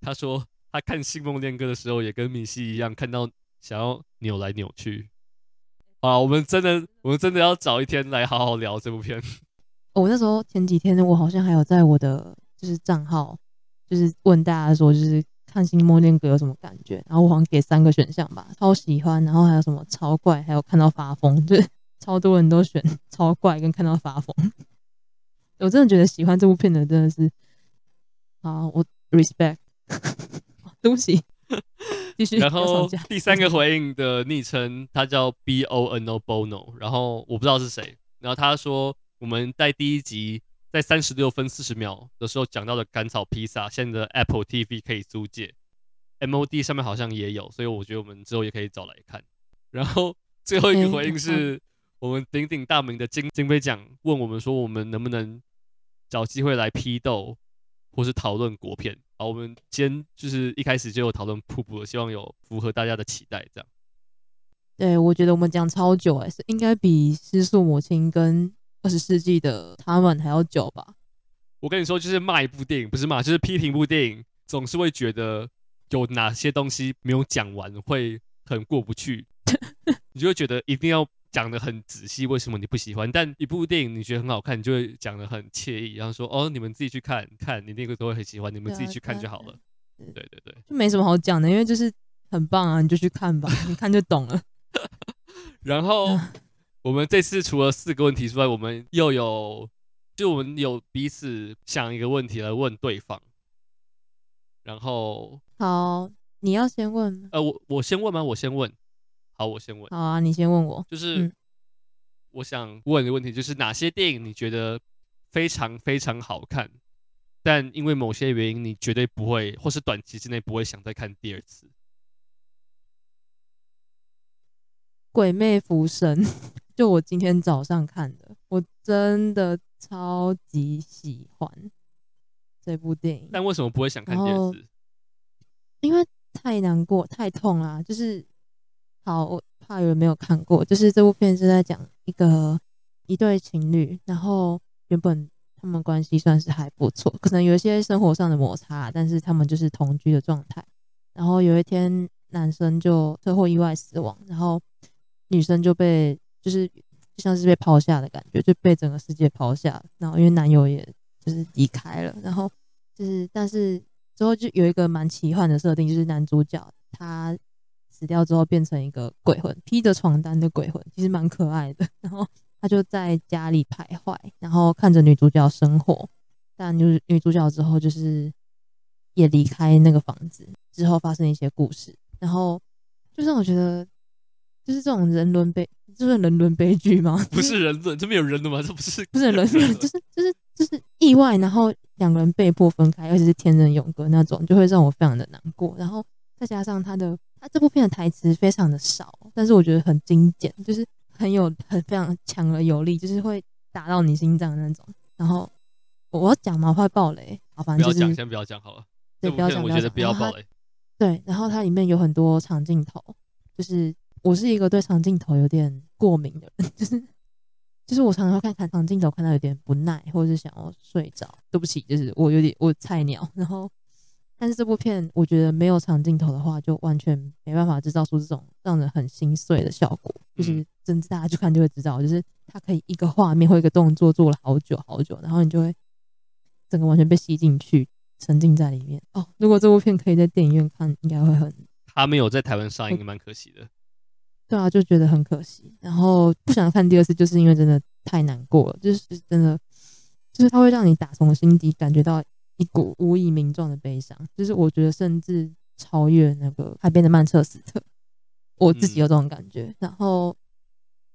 他說他看《星夢戀歌》的時候，也跟米西一樣看到想要扭來扭去。啊，我們真的，我們真的要找一天來好好聊這部片。我那時候前幾天，我好像還有在我的就是賬號，就是問大家說，就是。看新《摩戀閣》有什麼感覺？然後我好像給三個選項吧，超喜歡，然後還有什麼超怪，還有看到發瘋，就是超多人都選超怪跟看到發瘋。我真的覺得喜歡這部片的真的是，啊，我 respect。 啊、對不起，繼續。 然後第三個回應的昵稱他叫 Bono Bono，然後我不知道是誰，然後他說我們在第一集。在三十六分四十秒的時候講到的甘草披薩，現在的 Apple TV 可以租借，MOD 上面好像也有，所以我覺得我們之後也可以找來看。然後最後一個回應是我們鼎鼎大名的金金杯獎問我們說，我們能不能找機會來批鬥或是討論國片？好，我們今天就是一開始就有討論瀑布，希望有符合大家的期待這樣。對，我覺得我們講超久誒，是應該比失速母親跟。二十世紀的她們還要久吧？我跟你說，就是罵一部電影，不是罵，就是批評一部電影，總是會覺得有哪些東西沒有講完，會很過不去。 你就會覺得一定要講得很仔細，為什麼你不喜歡？但一部電影你覺得很好看，你就會講得很愜意，然後說：“哦，你們自己去看看，你那個都會很喜歡，你們自己去看就好了。” 對對對，就沒什麼好講的，因為就是很棒啊，你就去看吧， 你看就懂了。 然後。 我們這次除了四個問題之外，我們又有，就我們有彼此想一個問題來問對方。然後，好，你要先問嗎？呃，我我先問嗎？我先問。好，我先問。好啊，你先問我。就是，嗯、我想問的問題就是哪些電影你覺得非常非常好看，但因為某些原因，你絕對不會，或是短期之內不會想再看第二次？鬼魅浮生。就我今天早上看的，我真的超級喜歡這部電影。但為什麼不會想看電視？因為太難過、太痛了、啊、就是好，我怕有人沒有看過。就是這部片是在講一個一對情侶，然後原本他們關係算是還不錯，可能有一些生活上的摩擦，但是他們就是同居的狀態。然後有一天，男生就車禍意外死亡，然後女生就被。就是就像是被拋下的感覺，就被整個世界拋下。然後因為男友也就是離開了，然後就是但是之後就有一個蠻奇幻的設定，就是男主角他死掉之後變成一個鬼魂，披着床單的鬼魂，其實蠻可愛的。然後他就在家裡徘徊，然後看着女主角生活。但女女主角之後就是也離開那個房子之後發生一些故事，然後就讓我覺得。就是這種人倫悲，就是人倫悲劇嗎？就是、不是人倫，這邊有人的嗎？這不是，不是人倫、 就是，就是就是就是意外，然後兩個人被迫分開，尤其是天人永隔那種，就會讓我非常的難過。然後再加上他的，他這部片的台詞非常的少，但是我覺得很精簡，就是很有很非常強而有力，就是會打到你心臟的那種。然後我要講嗎？我會爆雷！好，吧、就是，不要講，先不要講好了。對，不要講，不要講。我覺得不要爆雷。對，然後它裡面有很多長鏡頭，就是。我是一個對長鏡頭有點過敏的人，就是就是我常常看看長鏡頭，看到有點不耐，或者是想要睡着。對不起，就是我有點我菜鳥。然後，但是這部片我覺得沒有長鏡頭的話，就完全沒辦法製造出這種讓人很心碎的效果。就是真的、嗯、大家去看就會知道，就是它可以一個畫面或一個動作做了好久好久，然後你就會整個完全被吸進去，沉浸在裡面。哦，如果這部片可以在電影院看，應該會很……他沒有在台灣上映，蠻可惜的。對啊，就覺得很可惜，然後不想看第二次，就是因為真的太難過了，就是真的，就是他會讓你打從心底感覺到一股無以名狀的悲傷，就是我覺得甚至超越那個海邊的曼徹斯特，我自己有這種感覺。然後，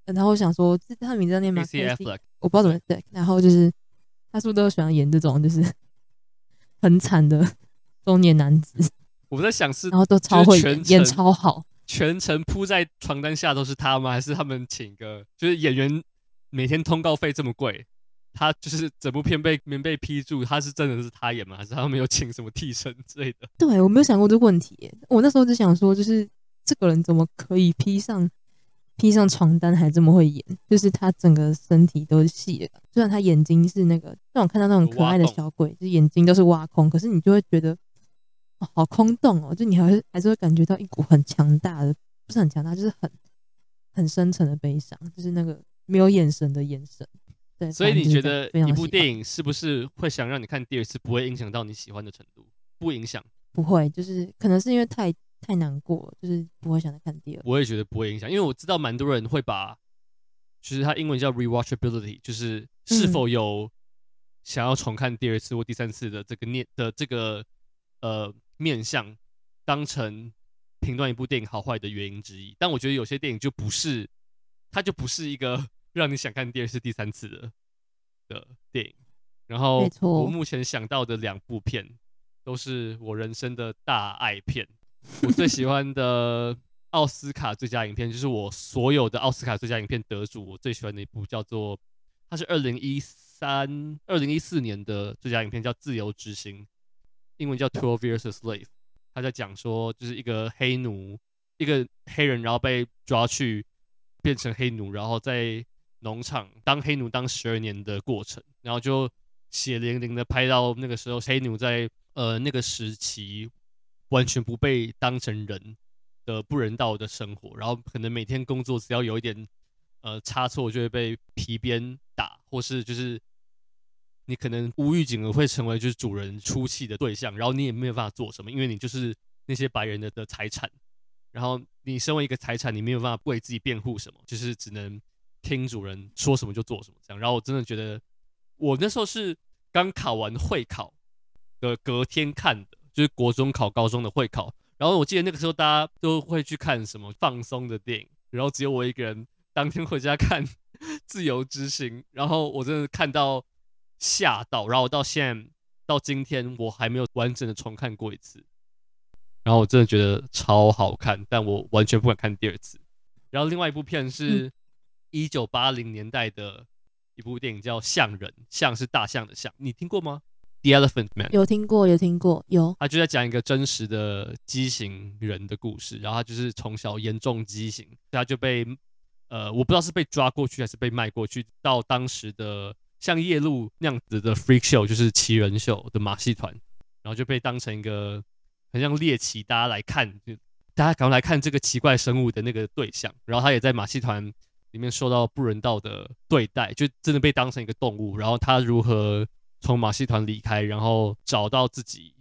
然後我想說，這他的名字叫尼瑪，我不知道怎麼對。對 然後就是，他是不是都喜歡演這種就是很慘的中年男子？我在想是，然後都超會演，演超好。全程鋪在床單下都是他嗎？還是他們請個就是演員每天通告費這麼貴，他就是整部片被沒被披住，他是真的是他演嗎？還是他們有請什麼替身之類的？對，我沒有想過這個問題，我那時候只想說，就是這個人怎麼可以披上披上床單還這麼會演？就是他整個身體都是戲的，雖然他眼睛是那個，雖然我看到那種可愛的小鬼，空就是眼睛都是挖空，可是你就會覺得。哦，好空洞哦，就你還是還是會感覺到一股很強大的，不是很強大，就是很很深沉的悲傷，就是那個沒有眼神的眼神。對，所以你覺得一部電影是不是會想讓你看第二次，不會影響到你喜歡的程度？不影響，不會，就是可能是因為太太難過，就是不會想再看第二次。我也覺得不會影響，因為我知道蠻多人會把，其實他英文叫 rewatchability，就是是否有想要重看第二次或第三次的這個念的這個呃。面向當成評斷一部電影好壞的原因之一，但我覺得有些電影就不是，它就不是一個讓你想看電視第三次的的電影。然後，我目前想到的兩部片都是我人生的大愛片。我最喜歡的奧斯卡最佳影片就是我所有的奧斯卡最佳影片得主，我最喜歡的一部叫做，它是二零一三、二零一四年的最佳影片，叫《自由之心》。英文叫《Twelve Years a Slave》，他在講說，就是一個黑奴，一個黑人，然後被抓去變成黑奴，然後在農場當黑奴當十二年的過程，然後就血淋淋的拍到那個時候黑奴在呃那個時期完全不被當成人的不人道的生活，然後可能每天工作只要有一點呃差錯就會被皮鞭打，或是就是。你可能無預警的會成為就是主人出氣的對象，然後你也沒有辦法做什麼，因為你就是那些白人的的財產，然後你身為一個財產，你沒有辦法為自己辯護什麼，就是只能聽主人說什麼就做什麼這樣。然後我真的覺得，我那時候是剛考完會考的隔天看的，就是國中考高中的會考。然後我記得那個時候大家都會去看什麼放鬆的電影，然後只有我一個人當天回家看 《自由之心》，然後我真的看到。嚇到，然後我到現在到今天，我還沒有完整的重看過一次。然後我真的覺得超好看，但我完全不敢看第二次。然後另外一部片是，一九八零年代的一部電影叫《象人》，象是大象的象，你聽過嗎？The Elephant Man。有聽過，有聽過，有。他就在講一個真實的畸形人的故事，然後他就是從小嚴重畸形，他就被，呃，我不知道是被抓過去還是被賣過去，到當時的。像夜路那樣子的 freak show 就是奇人秀的馬戲團，然後就被當成一個很像獵奇，大家來看，就大家趕快來看這個奇怪生物的那個對象。然後他也在馬戲團裡面受到不人道的對待，就真的被當成一個動物。然後他如何從馬戲團離開，然後找到自己，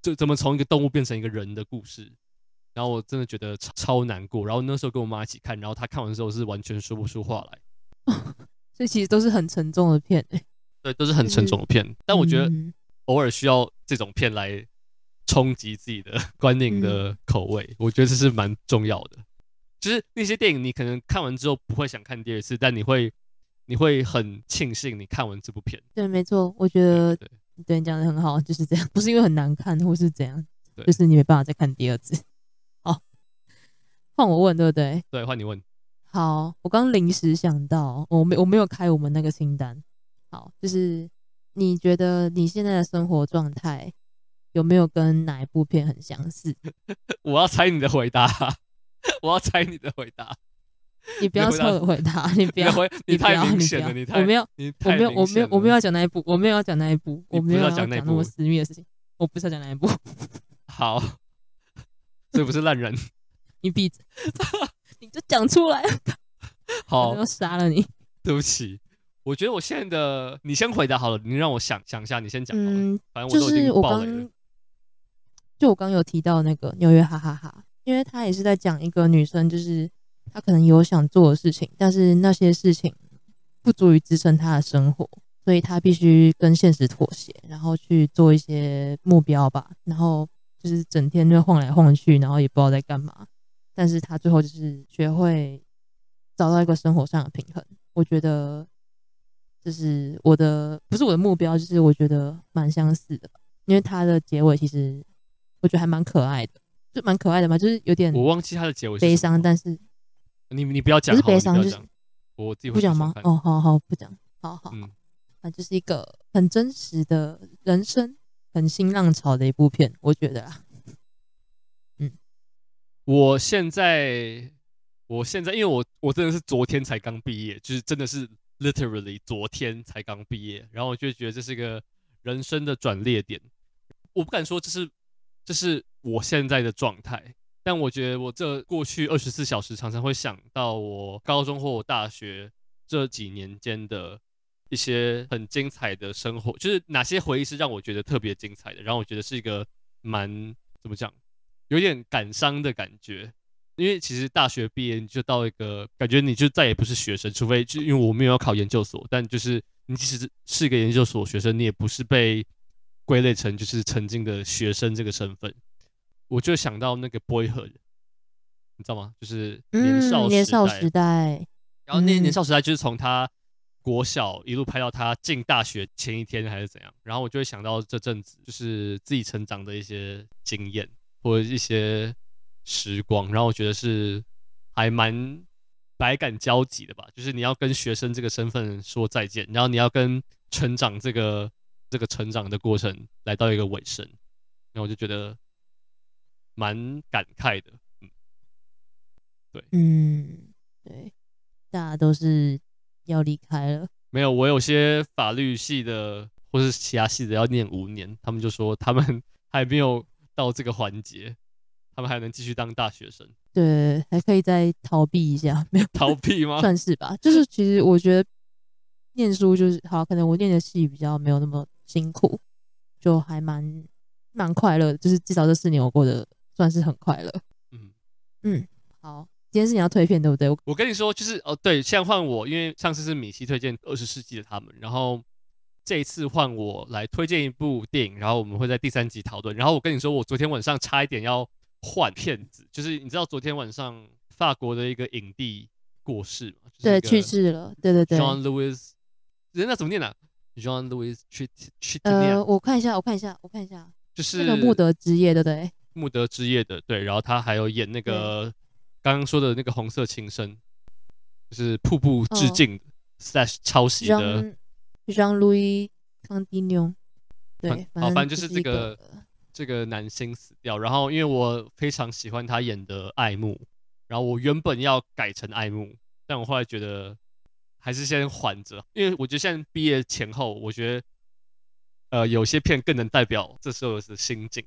就怎麼從一個動物變成一個人的故事。然後我真的覺得超難過。然後那時候跟我媽一起看，然後她看完之後是完全說不出話來。 這其實都是很沉重的片，欸，對，都是很沉重的片。就是、但我覺得偶爾需要這種片來衝擊自己的觀影的口味，嗯、我覺得這是蠻重要的。就是那些電影，你可能看完之後不會想看第二次，但你會，你會很慶幸你看完這部片。對，沒錯，我覺得，對，講的很好，就是這樣，不是因為很難看或是怎樣，對就是你沒辦法再看第二次。好，換我問，對不對？對，換你問。好，我剛臨時想到，我沒我沒有開我們那個清單。好，就是你覺得你現在的生活狀態有沒有跟哪一部片很相似？我要猜你的回答，我要猜你的回答。你不要猜我的回答，你不要，你不要，你不要，你太明顯了，我沒有，我沒有，我沒有，我沒有要講那一部，我沒有要講那一部，我沒有要講那麼私密的事情，我不是要講那一部。好，這不是爛人，你閉嘴。你就講出來， 好，我要殺了你。對不起，我覺得我現在的你先回答好了，你讓我想想一下，你先講。嗯，反正我就是我剛，就我剛有提到那個紐約哈哈哈，因為他也是在講一個女生，就是她可能有想做的事情，但是那些事情不足以支撐她的生活，所以她必須跟現實妥協，然後去做一些目標吧。然後就是整天就晃來晃去，然後也不知道在幹嘛。但是他最後就是學會找到一個生活上的平衡，我覺得就是我的不是我的目標，就是我覺得蠻相似的，因為他的結尾其實我覺得還蠻可愛的，就蠻可愛的嘛，就是有點我忘記他的結尾悲傷，但是你你不要講，不是悲傷，就是我自己會不講嗎？哦，好好不講，好好，啊，這是一個很真實的人生，很新浪潮的一部片，我覺得。我現在，我現在，因為我我真的是昨天才剛畢業，就是真的是 literally 昨天才剛畢業。然後我就覺得這是一個人生的轉捩點，我不敢說這是這是我現在的狀態，但我覺得我這過去二十四小時常常會想到我高中或我大學這幾年間的一些很精彩的生活，就是哪些回憶是讓我覺得特別精彩的。然後我覺得是一個蠻，怎麼講？有點感傷的感覺，因為其實大學畢業，你就到一個感覺，你就再也不是學生，除非就因為我們有要考研究所，但就是你即使是一個研究所學生，你也不是被歸類成就是曾經的學生這個身份。我就想到那個 Boyhood，你知道嗎？就是年少、嗯、年少時代，然後那年、嗯、年少時代就是從他國小一路拍到他進大學前一天還是怎樣，然後我就會想到這陣子就是自己成長的一些經驗。或者一些時光，然後我覺得是還蠻百感交集的吧，就是你要跟學生這個身份說再見，然後你要跟成長這個這個成長的過程來到一個尾聲，然後我就覺得蠻感慨的，嗯，對，嗯，對，大家都是要離開了，沒有，我有些法律系的或是其他系的要念五年，他們就說他們還沒有。到這個環節，他們還能繼續當大學生？對，還可以再逃避一下，沒有逃避嗎？ 算是吧，就是其實我覺得唸書就是好，可能我唸的系比較沒有那麼辛苦，就還蠻蠻快樂，就是至少這四年我過得算是很快樂。嗯嗯，好，今天是你要推薦對不對？我，我跟你說就是哦，對，現在換我，因為上次是米西推薦二十世紀的她們，然後。這一次換我來推薦一部電影，然後我們會在第三集討論。然後我跟你說，我昨天晚上差一點要換片子，就是你知道昨天晚上法國的一個影帝過世嘛？就是、對，去世了。對對對。John Lewis，人家怎麼念的 j o h n Lewis 去去呃，我看一下，我看一下，我看一下，就是《那個木德之夜》的對。穆德之夜的對，穆德之夜的對，然後他還有演那個對剛剛說的那個《紅色情深》，就是瀑布致敬、哦、Slash 抄襲的。讓路易·康蒂紐，對，好，反正就是這個這個男星死掉。嗯、然後，因為我非常喜歡他演的《愛慕》，然後我原本要改成《愛慕》，但我後來覺得還是先緩着，因為我覺得現在畢業前後，我覺得呃有些片更能代表這時候的心境。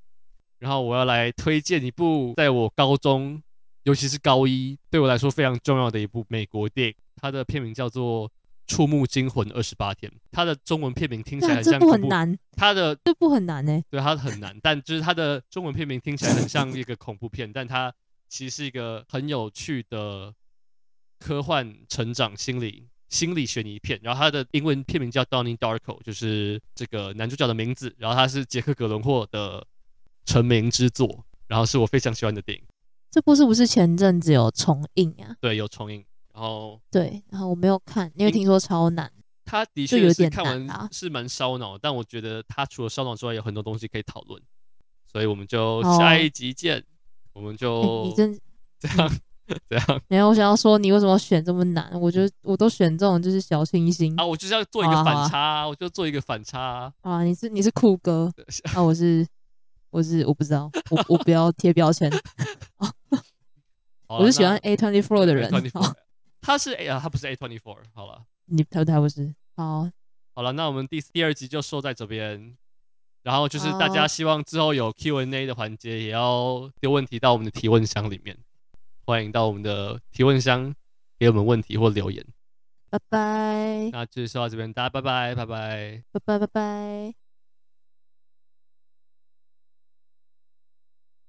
然後，我要來推薦一部在我高中，尤其是高一對我來說非常重要的一部美國電影，它的片名叫做。觸目驚魂二十八天，它的中文片名聽起來像恐怖。難，它的這部很難哎，對，它很難。但就是它的中文片名聽起來很像一個恐怖片， 但它其實是一個很有趣的科幻成長心理心理懸疑片。然後它的英文片名叫《Donnie Darko》，就是這個男主角的名字。然後它是傑克·格倫霍的成名之作，然後是我非常喜歡的電影。這部是不是前陣子有重映呀？啊？對，有重映。然後對，然後我沒有看，因為聽說超難。他的確有點難，是蠻燒腦。但我覺得他除了燒腦之外，有很多東西可以討論。所以我們就下一集見。我們就你真這樣這樣？沒有，我想要說你為什麼選這麼難？我覺得我都選這種就是小清新啊。我就是要做一個反差，我就做一個反差啊。你是你是酷哥啊？我是我是我不知道，我我不要貼標籤。我是喜歡 A24 的人。他是呀、啊，他不是 A24 好了，你淘他不是？好，好了，那我們第第二集就說在這邊，然後就是大家希望之後有 Q&A 的環節，也要丟問題到我們的提問箱裡面，歡迎到我們的提問箱給我們問題或留言，拜拜。那就說到這邊，大家拜拜、拜拜、拜拜、拜拜。拜拜拜拜。